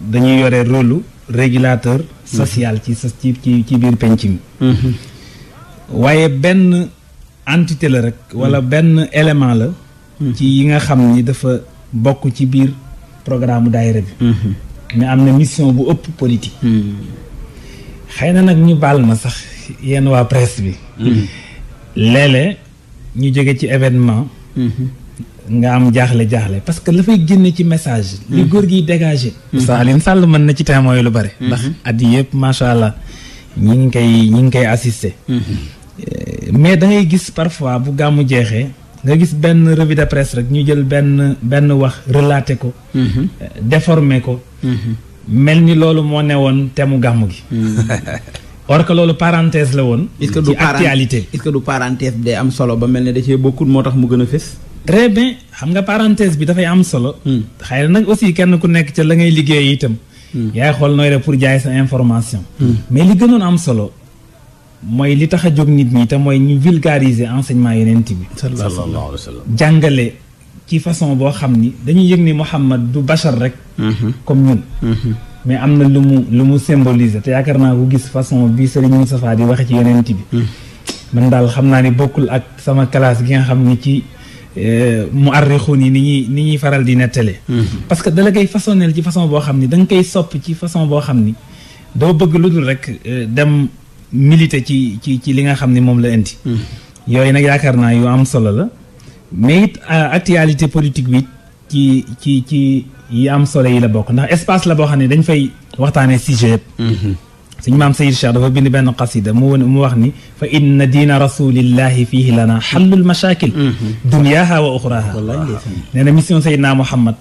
dañuy yore rôle régulateur social ci sa ci ci ci biir penc mhm. waaye benn entité la rek walla mhm. benn élément la ci yi nga xam ni dafa bokk ci biir programme daayira bi mais am na mission bu ëpp politique. xëy na nag ñu baal ma sax yenn waa presse bi. léeg ñu jóge ci événement. nga am jaaxle jaaxle parce que la fay génne ci message. li góor giy dégagé. Oustaz Alioune Sall mën na ci témoin lu bare. ndax at yii yëpp macha allah ñi ngi koy ñi ngi koy assister. Mhm. Euh, mais da ngay gis parfois bu gàmmu jeexee. nga gis benn revue de presse rek ñu jël benn benn wax relaté ko. Mhm. Euh, déformé ko. Mhm. mel ni loolu moo ne woon temu gàmmu gi. Mhm. or que loolu parenthèse la woon. est que du actualité est-ce parenthèse day am solo ba mel ne da cee bokkut moo tax mu gën a fës. très bien xam nga parenthèse bi dafay am solo. Hmm. xëy na nag aussi kenn ku nekk ca la ngay liggéey itam. Hmm. yaay xool nooy def pour jaay sa information. Hmm. mais li gënoon am solo. mooy li tax a jóg nit ñi te mooy ñu vulgariser enseignement yonent bi sallallahu alayhi wa sallam jàngale ci façon boo xam ni dañuy yëg ni Muhammad du bachar rek mm-hmm. comme ñun mm-hmm. mais am na lu mu lu mu symboliser te yaakaar naa ko gis façon bi Serigne Moustapha di waxe ci yonent bi mm. man daal xam naa ni bokkul ak sama classe gi nga xam ni ci eh, mu arrixuun yi ni ñuy ni ñuy faral di nettalee mm-hmm. parce que dala koy façonnel ci façon boo xam ni da koy sopp ci façon boo xam ni doo bëgg lu milité ci ci ci li nga xam ne moom la indi. Hmm. yooyu nag yaakaar naa yu am solo la mais it euh, actualité politique bi ci ci ci yi am solo yi la bokk ndax espace la boo xam ne dañ fay waxtaanee sujet yëpp. Hmm. suñu maam Seydou Cheikh dafa bind benn qasida mu won mu wax ni fa inna diina rasulillahi fihi lana xallul mashakil hmm. duniyaaha wa uxraaha nee na mission Seydina Muhammad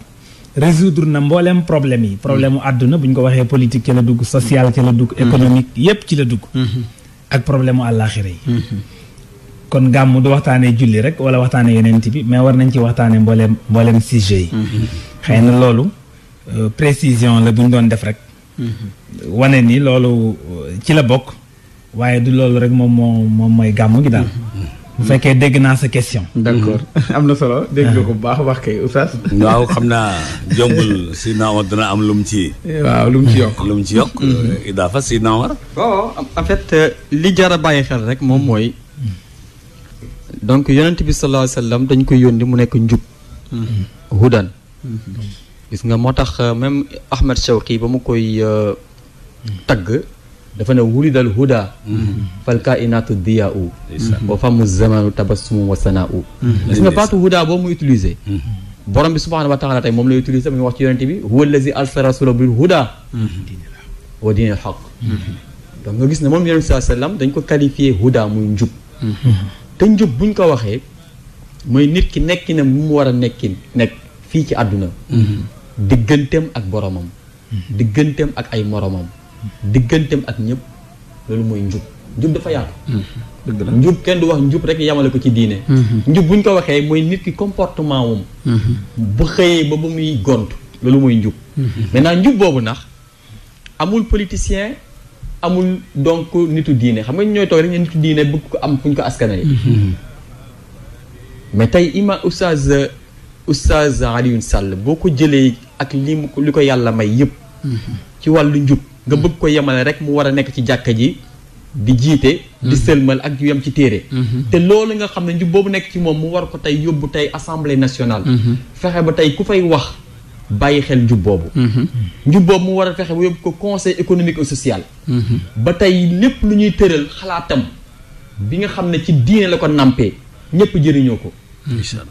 résoudre na mbooleem problème yi problème mu àdduna bu ñu ko waxee politique ci la dugg social ci la dugg mhm. économique yépp ci la dugg mhm. ak problème mu àllaaxira yi mhm. kon gàmm du waxtaanee julli rek wala waxtaanee yonent bi mais war nañ ci waxtaanee mbooleem mbooleem sujet yi xëy na loolu euh, précision la bu ñu doon def rek wane ni loolu euh, ci la bokk waaye du loolu rek moom moo moom mooy gàmm ngi daal bu fekkee dégg naa sa question. d' am na solo dégg nga ko bu baax wax kay oustaz. waaw xam naa jombul si naawar dana am lu mu ci. waaw lu mu ci yokk lu mu ci yokk. Mm-hmm. idaafa si naawar. waaw en euh, li jar a bàyyi xel rek moom mooy. Mm-hmm. donc yonent bi sallallahu alayhi dañ koy yónni mu nekk njub. Mm-hmm. hudan. gis nga moo tax euh, même Ahmed Shawqi ba mu koy euh, tagg. dafa ne wulidal huda falka inaatu diya u wa famu zamanu tabassum wa sanaa u mm-hmm. gis nga faatu huda boo mu utilisé mm-hmm. borom bi subhaanahu wa taala tey moom la utilisé mu ngi wax ci yonente bi huwa allazi arsa rasula bil huda wa diinil xaq mm-hmm. nga gis ne moom yonente saa sallam dañ ko qualifié huda muy njub te njub buñ ko waxee mooy nit ki nekkinam mu mu war a nekkin nekk fii ci àdduna digganteem ak boromam digganteem ak ay moromam digganteem ak ñëpp loolu mooy njub njub dafa yaatu. Mm-hmm. la njub kenn du wax njub rek yamale ko ci diine. Mm-hmm. njub buñ ko waxee mooy nit ki comportement moom. Mm-hmm. bu xëyee ba ba muy gont loolu mooy njub. maintenant njub boobu nax amul politicien amul donc nitu diine xam nga ñooy toog rek ñu nitu diine bëgg ko am fuñ ko askanale. mais tey ima oustaz oustaz Alioune Sall boo ko jëlee ak li li ko yàlla may yëpp. ci wàllu njub. nga bëgg ko yemale rek mu war a nekk ci jàkka ji di jiite di mhm. sëlmal ak yu yem ci téere mhm. te loolu nga xam ne ñu boobu nekk ci moom mu war ko tey yóbbu tey assemblée nationale mhm. fexe ba tey ku fay wax bàyyi xel njub boobu njub boobu mu war a fexe ba yóbbu ko conseil économique et social ba tey lépp lu ñuy tëral xalaatam bi nga xam ne ci diine la ko nampee ñëpp jëriñoo ko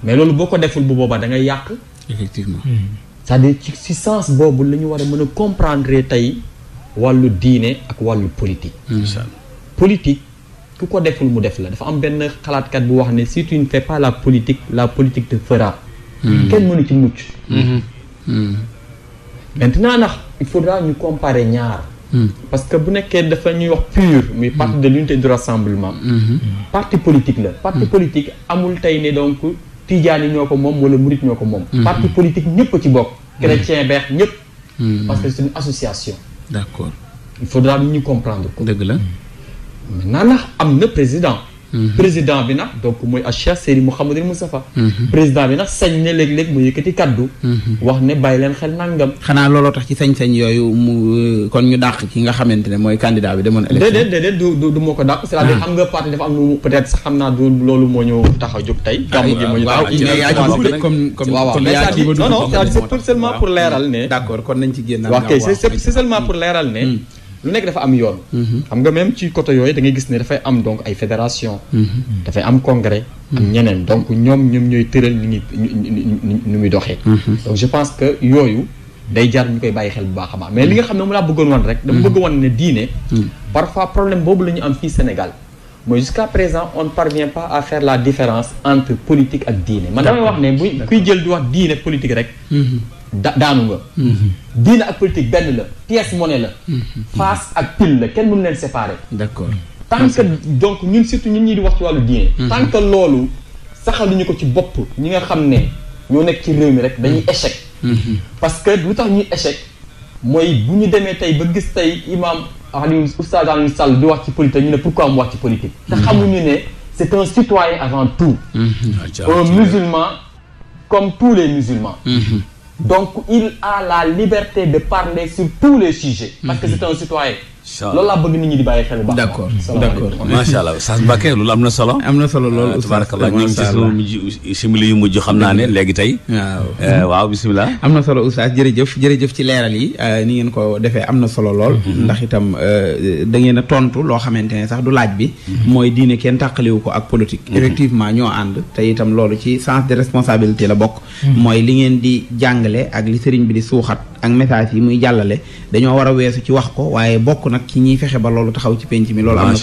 mais loolu boo ko deful bu boobaa da ngay yàq effectivement cest à ci sens boobu la war wàllu diine ak wàllu politique. Mm-hmm. politique ku ko deful mu def la dafa am benn xalaatkat bu wax ne si tu ne pas la politique la politique te fera. Mm-hmm. kenn mënu ci mucc. Mm-hmm. maintenant ndax il faudra ñu comparer ñaar. Mm. parce que bu nekkee dafa ñuy wax pur muy mm. parti de l'unité du rassemblement. parti politique la. parti mm. politique amul tey ne donc tijaan yi ñoo ko moom wala murit ñoo ko moom. parti politique ñëpp ci bokk. chrétien beex ñëpp. parce que c'est association. d' accord il faudra ñu comprendre ko. dëgg la maintenant ndax am na président. Mhm. président bi nag donc mooy Cheikh Serigne Mouhamadul Moustapha mhm. président bi nag sañ ne léeg-léeg mu yëkkati kaddu mhm. wax ne bàyyi leen xel nangam xanaa looloo tax ci sañ-sañ yooyu mu euh, kon ñu dàq ki nga xamante ne mooy candidat bi demoon élection déedéet déedéet du du du moo ko dàq c'est-à-dire ah. xam nga parti dafa am nu peut être xam naa du loolu moo ñu tax a jóg tey gàmm ah, gi euh, moo ñu tax waaw non non c'est seulement pour leeral ne d'accord kon nañ ci génn waaw kay c'est seulement pour leeral lu nekk dafa am yoon. Mhm. xam nga même ci côté yooyu da ngay gis ne dafay am donc ay fédération. Mhm. dafay am congrès. am mhm. ñeneen donc ñoom ñoom ñooy tëral ni muy ni muy doxee. je pense que yooyu day jar ñu koy bàyyi xel bu baax a baax mais li nga xam ne mu laa bëggoon wan rek. dama bëgg wan ne diine. parfois problème boobu la ñu am fii Sénégal. mooy jusqu'à présent on ne parvient pas à faire la différence entre politique ak diine man damay wax ne bu kuy jël di wax diine politique rek. da daanu nga. Mm-hmm. diina ak politique benn la pièce monnaie la. Mm-hmm. face ak pile la kenn mënu leen séparer. d'accord tant que donc ñun surtout ñun ñi di wax ci wàllu diine. Mm-hmm. tant que loolu ñu ko ci bopp ñi nga xam ne ñoo nekk ci réew mi rek dañuy échec. parce que lu tax ñuy échec mooy bu ñu demee tey ba gis tey imam Alioune oustaz Alioune Sall di wax ci politique ñu ne pourquoi mu wax ci politique. te xamuñu ne c'est un citoyen avant tout. Ah, un musulman comme tous les musulmans. Donc, il a la liberté de parler sur tous les sujets, parce que mm-hmm. c'est un citoyen. loolu laa bëgg nit ñi di bàyyi xel bu baax. d' accord d' accord macha allah Sass Mbacké loolu am na solo. am na solo loolu ah, tabarakallah ñu ngi ci sunu yu mujj xam ne léegi tey. waaw eh, waaw bisimilah. am na solo oustaz jërëjëf jërëjëf ci leeral yi eh, ni ngeen ko defee am na solo lool. Mm-hmm. ndax itam eh, da ngeen a tontu loo xamante ne sax du laaj bi. Mm-hmm. mooy diine kenn tàqaliwu ko ak politique. Mm-hmm. effectivement ñoo ànd te itam loolu ci sens de responsabilité la bokk. mooy li ngeen di jàngale ak li sëriñ bi di suuxat. ak message yi muy jàllale dañoo war a weesu ci wax ko waaye bokk nag ci ñiy fexe ba loolu taxaw ci penc mi loolu am na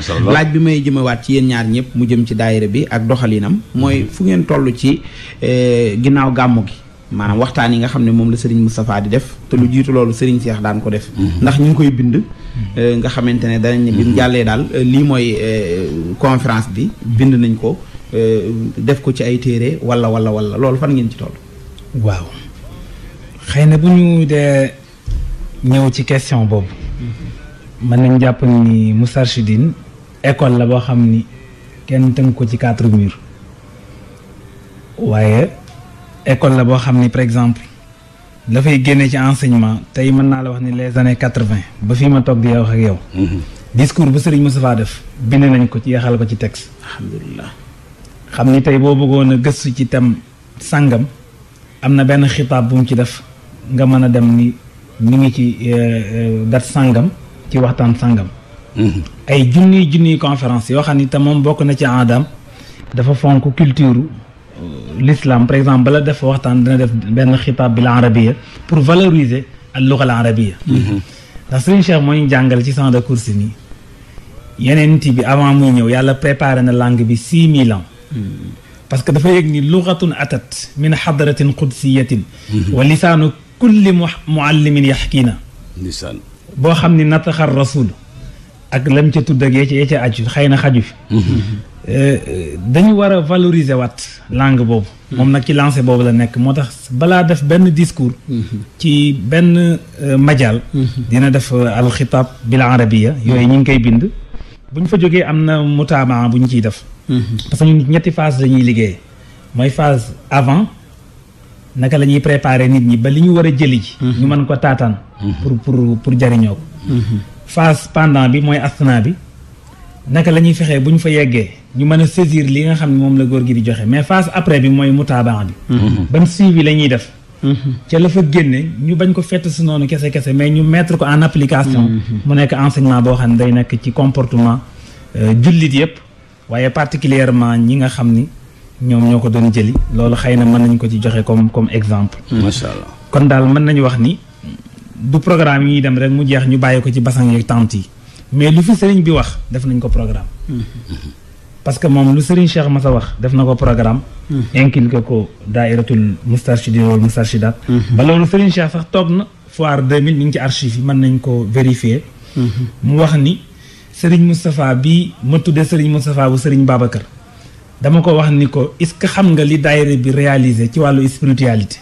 solo laaj bi may jëmewaat ci yéen ñaar ñëpp mu jëm ci daayira bi ak doxalinam mooy mhm. fu ngeen tollu ci eh, ginnaaw gàmmu gi maanaam waxtaan yi nga xam ne moom la Serigne Moustapha di def te lu jiitu loolu Serigne seex daan ko def mhm. ndax ñu ngi koy bind mhm. eh, nga xamante ne danañ ne bi mu jàllee daal eh, lii mooy conférence bi bind nañ ko def ko ci ay téere wala wala wala loolu fan ngeen ci toll xëy na bu ñu dee ñëw ci question boobu mën nañ jàpp ni Moustarchidine école la boo xam ni kenn tënk ko ci quatre murs waaye école la boo xam ni par exemple dafay génne ci enseignement tey mën naa la wax ni les années quatre vingt ba fi ma toog di wax ak yow. Mm-hmm. discours bu Serigne Moustapha def bind nañ ko ci yeexal ko ci texte. alhamdulilah xam ni tey boo bëggoon a gëstu ci itam sàngam am na benn xitaab bu mu ci def nga mën a dem ni mu ngi ci euh, euh, dat sàngam ci waxtaan sàngam mhm. ay junniy junniy conférence yoo xam ni te moom bokk na ci aadam dafa fonk culture euh, l'islam par exemple bala def waxtaan dana def benn xitaab la arabia pour valoriser al luga al arabia mhm. ndax Serigne Cheikh moo ñu jàngal ci champ de course nii yeneen ti bi avant muy ñëw yàlla préparé na langue bi six mille ans mhm. parce que dafa yëg ni lugatun atat min xadratin qudsiyatin wa lisaanu kulli muallimin yaxkiina boo xam ni nataxar rasul ak lam ca tudd ak yee ca aju xëy na xaju fi eh, dañu war a valoriser waat langue boobu moom nag ci lancé boobu la nekk moo tax balaa def benn discours ci benn eh, majal dina def eh, alxitaab bil arabiya yooyu ñu ngi koy bind bu ñu fa jógee am na mutaabaa bu ñu ciy def parce que ñun ñetti phase la ñuy liggéey mooy phase avant naka la ñuy préparer nit ñi ba li ñu war a jëli ji mhm. ñu man ko taataan mhm. pour pour pour jariñoo ko mhm. phase pendant bi mooy asna bi naka la ñuy fexee bu ñu fa yeggee ñu mën a saisir li nga xam ne moom la góor gi di joxe mais phase après bi mooy mutaabaan bi ban suivi la ñuy def ca la fa génne ñu bañ ko fett si noonu kese kese mais ñu mettre ko en application mu nekk enseignement boo xam ne day nekk ci comportement euh, jullit yëpp waaye particulièrement ñi nga xam ni ñoom ñoo ko doon jëli loolu xëy na mën nañ ko ci joxe comme comme exemple. macha allah kon daal mën nañu wax ni du programme yi dem rek mu jeex ñu bàyyi ko ci basang yeeg tente yi mais lu fi sëriñ bi wax def nañ ko programme. parce que moom lu sëriñ Cheikh Massa wax def na ko programme. inculqué ko daairatul moustarchidine wal moustarchidat ba loolu sëriñ Cheikh sax toog na foire 2000 mi ngi ci archive yi mën nañ ko vérifier. Mhm. mu wax ni sëriñ Moustapha bi ma tuddee sëriñ Moustapha bu sëriñ Babacar. dama ko wax ni ko est-ce que xam nga li daayira bi réalisé ci wàllu spiritualité.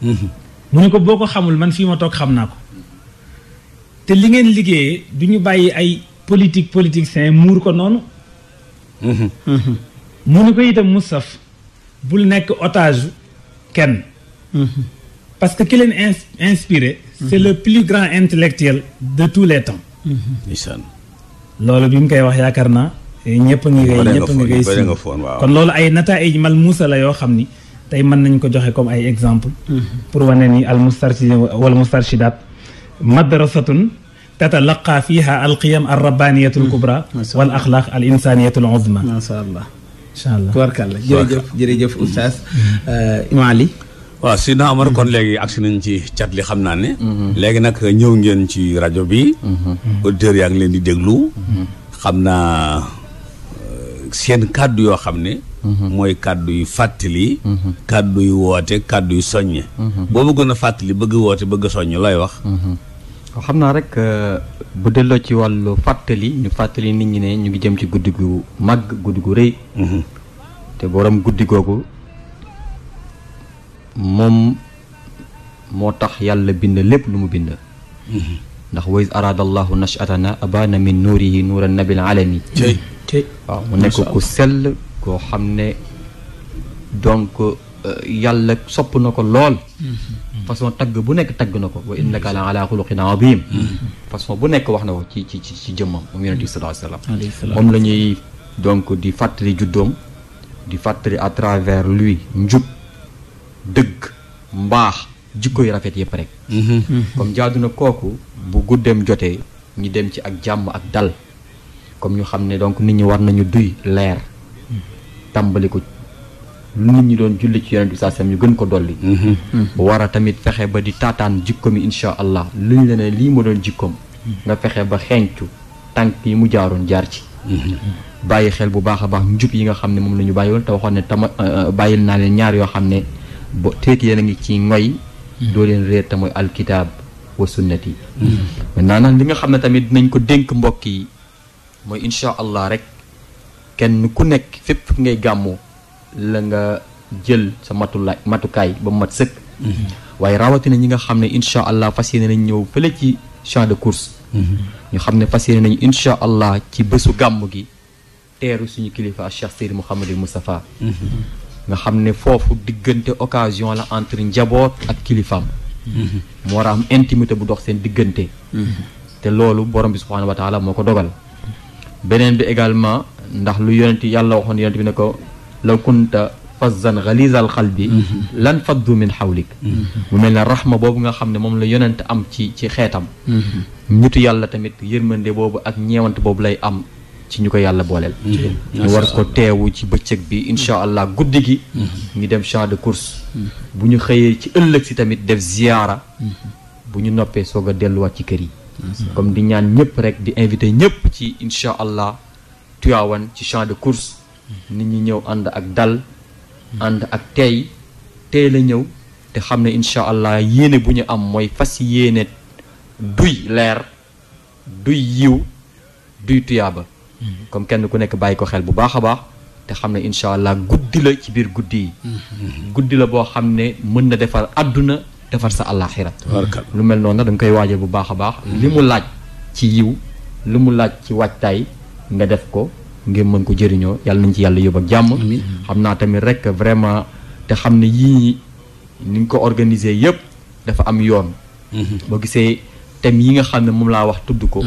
Mhm. mu ne ko boo ko xamul man fii ma toog xam naa ko. te li ngeen liggéeyee du ñu bàyyi ay politique politiciens muur ko noonu. Mhm. Mhm. mu ne ko itam Moustapha bul nekk otage kenn. parce que ki leen in inspiré. c'est le plus grand intellectuel de tous les temps. incha allah loolu bi mu koy wax yaakaar naa. ñëpp eh, ñëpp ngi rey si kon loolu ay nataa'ij malmuusa la yoo xam ni tey man nañ ko joxe comme ay exemple mhm. pour wane ni al mustarshid wal mustarshidaat madrasatun tatalaqa fiha alqiyam arrabaniyatu alkubra mhm. wal axlaaq al insaniyatu al uzma maa sha allah incha allah tubarkàlla jërëjëf jërëjëf oustaz mhm. euh, Imam Ali waaw si na amar kon ak agsi nañ ci cat li xam naa ne léegi nag ñëw ngeen ci rajo bi auditeurs yaa leen di déglu xam naa seen kàddu yoo xam ne mhm. mooy kàddu yu fàttali mhm. kàddu yu woote kàddu yu soññe mhm. boo bëggoon a fàttali bëgg woote bëgg soññ looy wax xam naa rek euh, bu delloo ci wàllu fàttali ñu fàttali nit ñi ne ñu ngi jëm ci guddi gu mag guddi gu rëy te borom guddi googu moom moo tax yàlla bind lépp lu mu bind ndax wa iz araada allahu nachatana abana min nuurihi nuura nabil alami waaw mu nekk ku sell koo xam ne donc euh, yàlla sopp na ko lool mm-hmm. façon tagg bu nekk tagg na ko wa innaka la ala xuluqin azim mm-hmm. façon bu nekk wax na ko ci ci ci jëmmam moom yonent bi sallallahu alayhi wa sallam moom la ñuy donc di fàttali juddoom di fàttali à travers lui njub dëgg mbaax jikko yu rafet yëpp rek. Mm-hmm. Mm-hmm. comme jaadu na kooku bu guddeem jotee ñu dem ci ak jàmm ak dal comme ñu xam ne donc nit ñi war nañu duy leer mm-hmm. tàmbali ko lu nit ñi doon julli ci yonent bi saasam ñu gën ko dolli. war a tamit fexe ba di taataan jikkoom yi incha allah lu ñu la ne lii ma doon jikkoom. nga fexe ba xeeñcu tànk yi mu jaaroon jaar ci. bàyyi xel bu baax a baax njub yi nga xam ne moom la ñu bàyyi woon te waxoon ne tama euh, euh, bàyyil naa leen ñaar yoo xam ne ba teet a ngi ci ngoy. doo leen réer te mooy alkitaab wa sunnati yi hmm. maintenant nag li nga xam ne tamit dinañ ko dénk mbokk yi mooy incha allah rek kenn ku nekk fépp ngay gàmmu la nga jël sa matula matukaay ba mat sëkk hmm. waaye rawatina ñi nga xam ne incha allah fas yéene nañ ñëw fële ci champ de course hmm. ñu xam ne fas yéene nañ incha allah ci bésu gàmm gi teeru suñu kilifa Cheikh Seydi Mouhamadou Moustapha nga xam ne foofu diggante occasion la entre njaboot ak kilifaam mu mm-hmm. war a am intimité bu dox seen diggante mm-hmm. te loolu borom bi subhaanahu moo ko dogal beneen bi également ndax lu yonent yàlla waxoon yonent bi ne ko law kunta fazzan ghalizal qalbi mm-hmm. lan faddu min hawlik mu mel ne raxma boobu nga xam ne moom la yonent am ci ci xeetam nitu yàlla tamit yërmande boobu ak ñeewante boobu lay am ci ñu ko yàlla booleel ñu war ko teewu ci bëccëg bi incha allah guddi gi mm-hmm. ñu dem champ de course mm-hmm. bu ñu xëyee ci ëllëg si tamit def ziyaara mm-hmm. bu ñu noppee soog a delluwaat ci kër yi comme di ñaan ñëpp rek di invité ñëpp ci incha allah Tivaouane ci champ de course nit ñi ñëw ànd ak dal ànd ak tey teel a ñëw te xam ne incha allah yéene bu ñu am mooy fas yéene duy leer duy yiw duy tuyaaba comme kenn ku nekk bàyyi ko xel bu baax a baax te xam ne incha allah guddi la ci biir guddi yi mm-hmm. Mm-hmm. guddi la boo xam ne mën na defar àdduna defar sa àllaaxira lu mel noonu nag da nga koy waajal bu baax a baax mm-hmm. li mu laaj ci yiw li mu laaj ci waajtaay nga def ko ngir mën ko jëriñoo yàlla nañ ci yàlla yóbbu ak jàmm xam naa tamit rek vraiment te xam ne yii ni ñu ko organisé yëpp dafa am yoon boo gisee thème yi nga xam ne moom laa wax tudd ko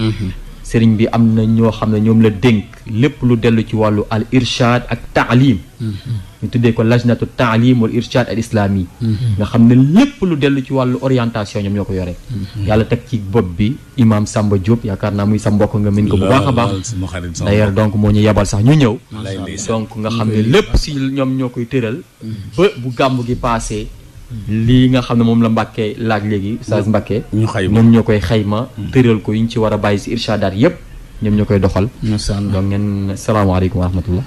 sëriñ bi am na ñoo xam ne ñoom la dénk lépp lu dellu ci wàllu al irshad ak taalim mm-hmm. ñu tuddee ko lajnatu taalim wal irshad al islami mm-hmm. nga xam ne lépp lu dellu ci wàllu orientation ñoom ñoo ko yore mm-hmm. yàlla teg ci bopp bi imam Samba Diop yaakaar naa muy sa mbokk nga min ko bu baax a baax d'ailleurs donc moo ñu yebal sax ñu ñëw donc nga xam ne lépp si ñoom ñoo koy tëral ba bu gàmb gi passé lii nga xam ne moom la Mbàkke laaj léegi Oustaz Mbàkke ñu xayma ñoom ñoo koy xayma mm. tëral ko yi ñu ci war a bàyyi si irshadaat yëpp ñoom ñoo koy doxal donc ngeen salaamaaleykum wa rahmatullah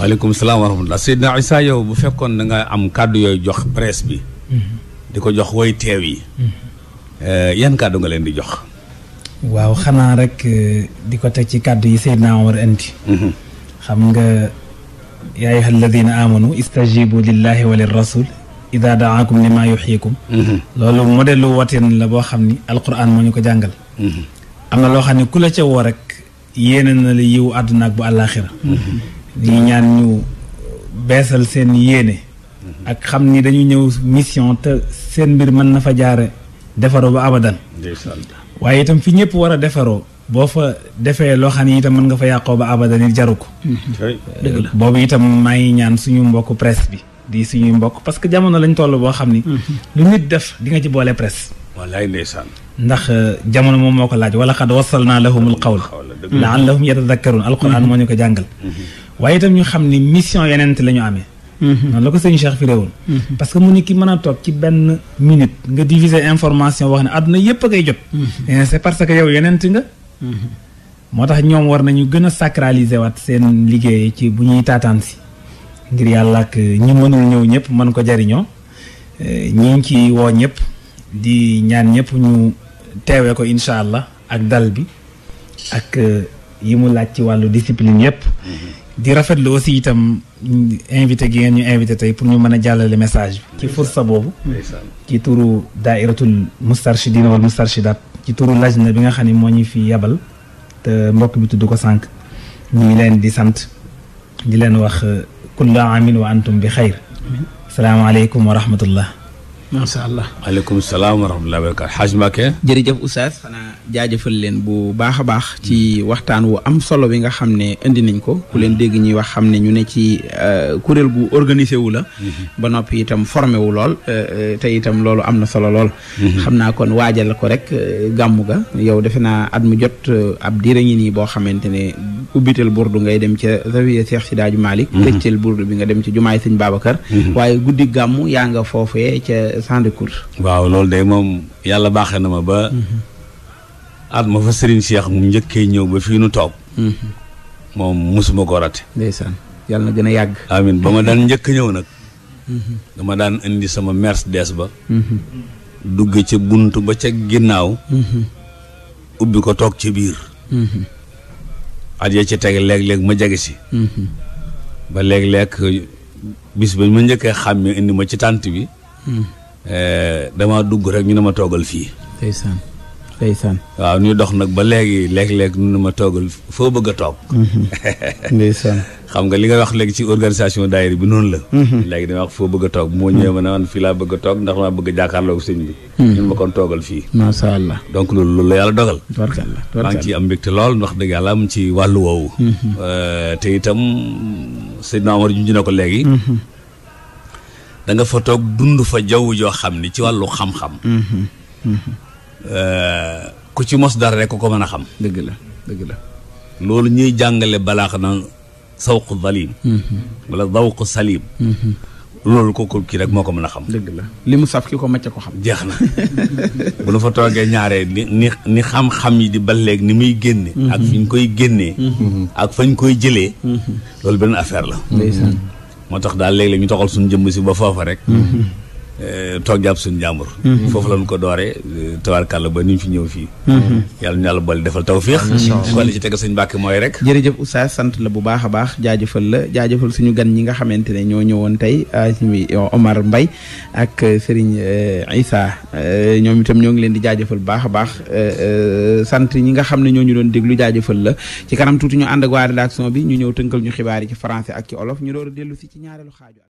waaleykum salaam wa rahmatullah Seydina Issa yow bu fekkoon da nga am kàddu yooyu jox presse bi mm-hmm. di ko jox woy teew yi mm-hmm. eh, yan kàddu nga leen di jox waaw xanaa rek eh, di ko teg ci kàddu yi Seydina Omar indi mm-hmm. xam nga yaa ayyuha alladina amanu istajibu lillahi wa lirrasul ida daakum li maa yuxyikum mm-hmm. loolu modèle lu la boo xam ni alquran moo ñu ko jàngal mm-hmm. am na loo xam ne ku la ca woo rek yéene na la yiwu àdduna ak bu àllaaxira ñi mm-hmm. ñaan ñu beesal seen yéene ak xam ni dañu ñëw mission te seen mbir mën na fa jaare defaroo ba abadan waaye itam fi ñëpp war a defaroo boo fa defee loo xam ne itam mën nga fa yàqoo ba abadan it jaru ko boobu itam maa ngi ñaan suñu mbokk presse bi di suñuy mbokk parce que jamono lañ toll boo xam ni. lu nit def di nga ci boole presse. wallaay ndeysaan. ndax euh, jamono moom moo ko laaj wala xad wasalnaa lahumul qawl laallahum yatadakkaruun alquran mhm. moo ñu ko jàngal. Mhm. waaye itam ñu xam ni mission yeneen la ñu amee. Mhm. noonu la ko sëñ Cheikh fi réewoon. parce que mu ni ki mën a toog ci benn minute nga diviser information wax ne àdduna yépp a jot. Eh, c'est parce que yow yeneen nga. moo tax ñoom war nañu gën a sacraliser waat seen liggéey ci bu ñuy taataan si. ngir yàlla ak ñi mënul ñëw ñëpp mën ko jariñoo ñi ngi ci woo ñëpp di ñaan ñëpp ñu teewee ko incha allah ak dal bi ak yi mu laaj ci wàllu discipline yëpp. Mm-hmm. di rafetlu aussi itam invité gi ngeen ñu invité tey pour ñu mën a jàllale message bi. ci fursa boobu. ci turu daairatul mustarshidina wal mustarshidat ci turu lajna bi nga xam ni moo ñu fi yabal te mbokk bi tudd ko sànq. ñu leen di sant di leen wax. kulla amin wa antum bi xayr asalaamaaleykum wa rahmatullah macha allah aleykum salaam wa rahmatulah barakaatu xaaj Mbacke jërëjëf oustaz xanaa jaajëfal leen bu baax a baax ci waxtaan wu am solo bi nga xam ne indi nañ ko ku leen dégg ñuy wax xam ne ñu ne ci euh, kuréel gu organisé wu la mhm. ba noppi itam formé wu lool euh, euh, te itam loolu am na solo lool mhm. xam naa kon waajal ko rek gàmmu ga yow defe naa at mu jot ab diira ngi nii boo xamante ne ubbital burdu ngay dem ca zawiya Cheikh Sidaaju Malick mhm. tëjtal burdu bi nga dem ci jumaay sëñ Babacar waaye guddi gàmmu yaa foofee champ waaw loolu de moom yàlla baaxee na ma ba. Mm-hmm. at ma fa Serigne Cheikh mu njëkkee ñëw ba fii nu toog. Mm-hmm. moom mosuma ko rate. ndeysaan yàlla na gën a yàgg. amiin ba ma daan njëkk ñëw nag. Mm-hmm. dama daan indi sama Mercedes ba. dugg ca bunt ba ca ginnaaw. ubbi ko toog ci biir. at ya ci teg léeg-léeg ma jege si. ba léeg-léeg bis ba ma njëkkee xàmmee indi ma ci tànt bi. Eh, damaa dugg rek ñu ne ma toogal fii. ndeysaan ndeysaan. waaw ñu dox nag ba léegi léeg-léeg nu ne ma toogal foo bëgg a toog. Mhm. ndeysaan. xam nga li nga wax léegi ci organisation daayira bi noonu la. Mhm. léegi dama wax foo bëgg a toog moo ñëwee ma ne man fii laa bëgg a toog ndax maa bëgg a jàkkaarloog sëñ bi. Mhm. ñun ma kon toogal fii. macha allah donc loolu loolu la yàlla dogal. tubarkalla maa ngi ciy am mbégte lool ndax dëgg yàlla am ci wàllu woowu. Eh, te itam sëñ Maamor junj na ko léegi. danga fa toog dund fa jaww joo xam ni ci wàllu xam-xam. Mhm. Mhm. Euh, ku ci mos dara rek ku ko mën a xam. dëgg la dëgg la. loolu ñuy jàngale balaax na sawq zalim. Mhm. wala dawq salim. loolu ko ko kii rek moo ko mën a xam. dëgg la li mu saf ki ko macce ko xam. jeex na bu nu fa toogee ñaaree ni ni xam-xam yi di balleeg ni muy génne. ak fi ñu koy génnee. ak fañ koy jëlee. loolu benn affaire la. moo tax daal léeg-léeg ñu toxal suñu jëmm si ba foofa rek mm-hmm. Eh, toog jàpp suñu jàmbur. Mhm. foofu la ñu ko dooree eh, tabaarkàlla ba ni ñu fi ñëw fii. Mhm. yàlla ñu yàlla boole defal tawféex. kon li ci teg sëñ Mbàkke mooy rek. jërëjëf Oustaz sant la bu baax a baax jaajëfal la jaajëfal suñu gan ñi nga xamante ne ñoo ñëwoon tey ah, suñu eh, Omar Mbaye ak Serigne Issa ñoom itam ñoo ngi leen di jaajëfal bu baax a baax sant ñi nga xam ne ñoo ñu doon déglu jaajëfal la ci kanam tuuti ñu ànd ak waa bi ñu ñëw tënkal ñu xibaar ci français ak ci olof ñu door dellu si ci ñaareelu xaaju.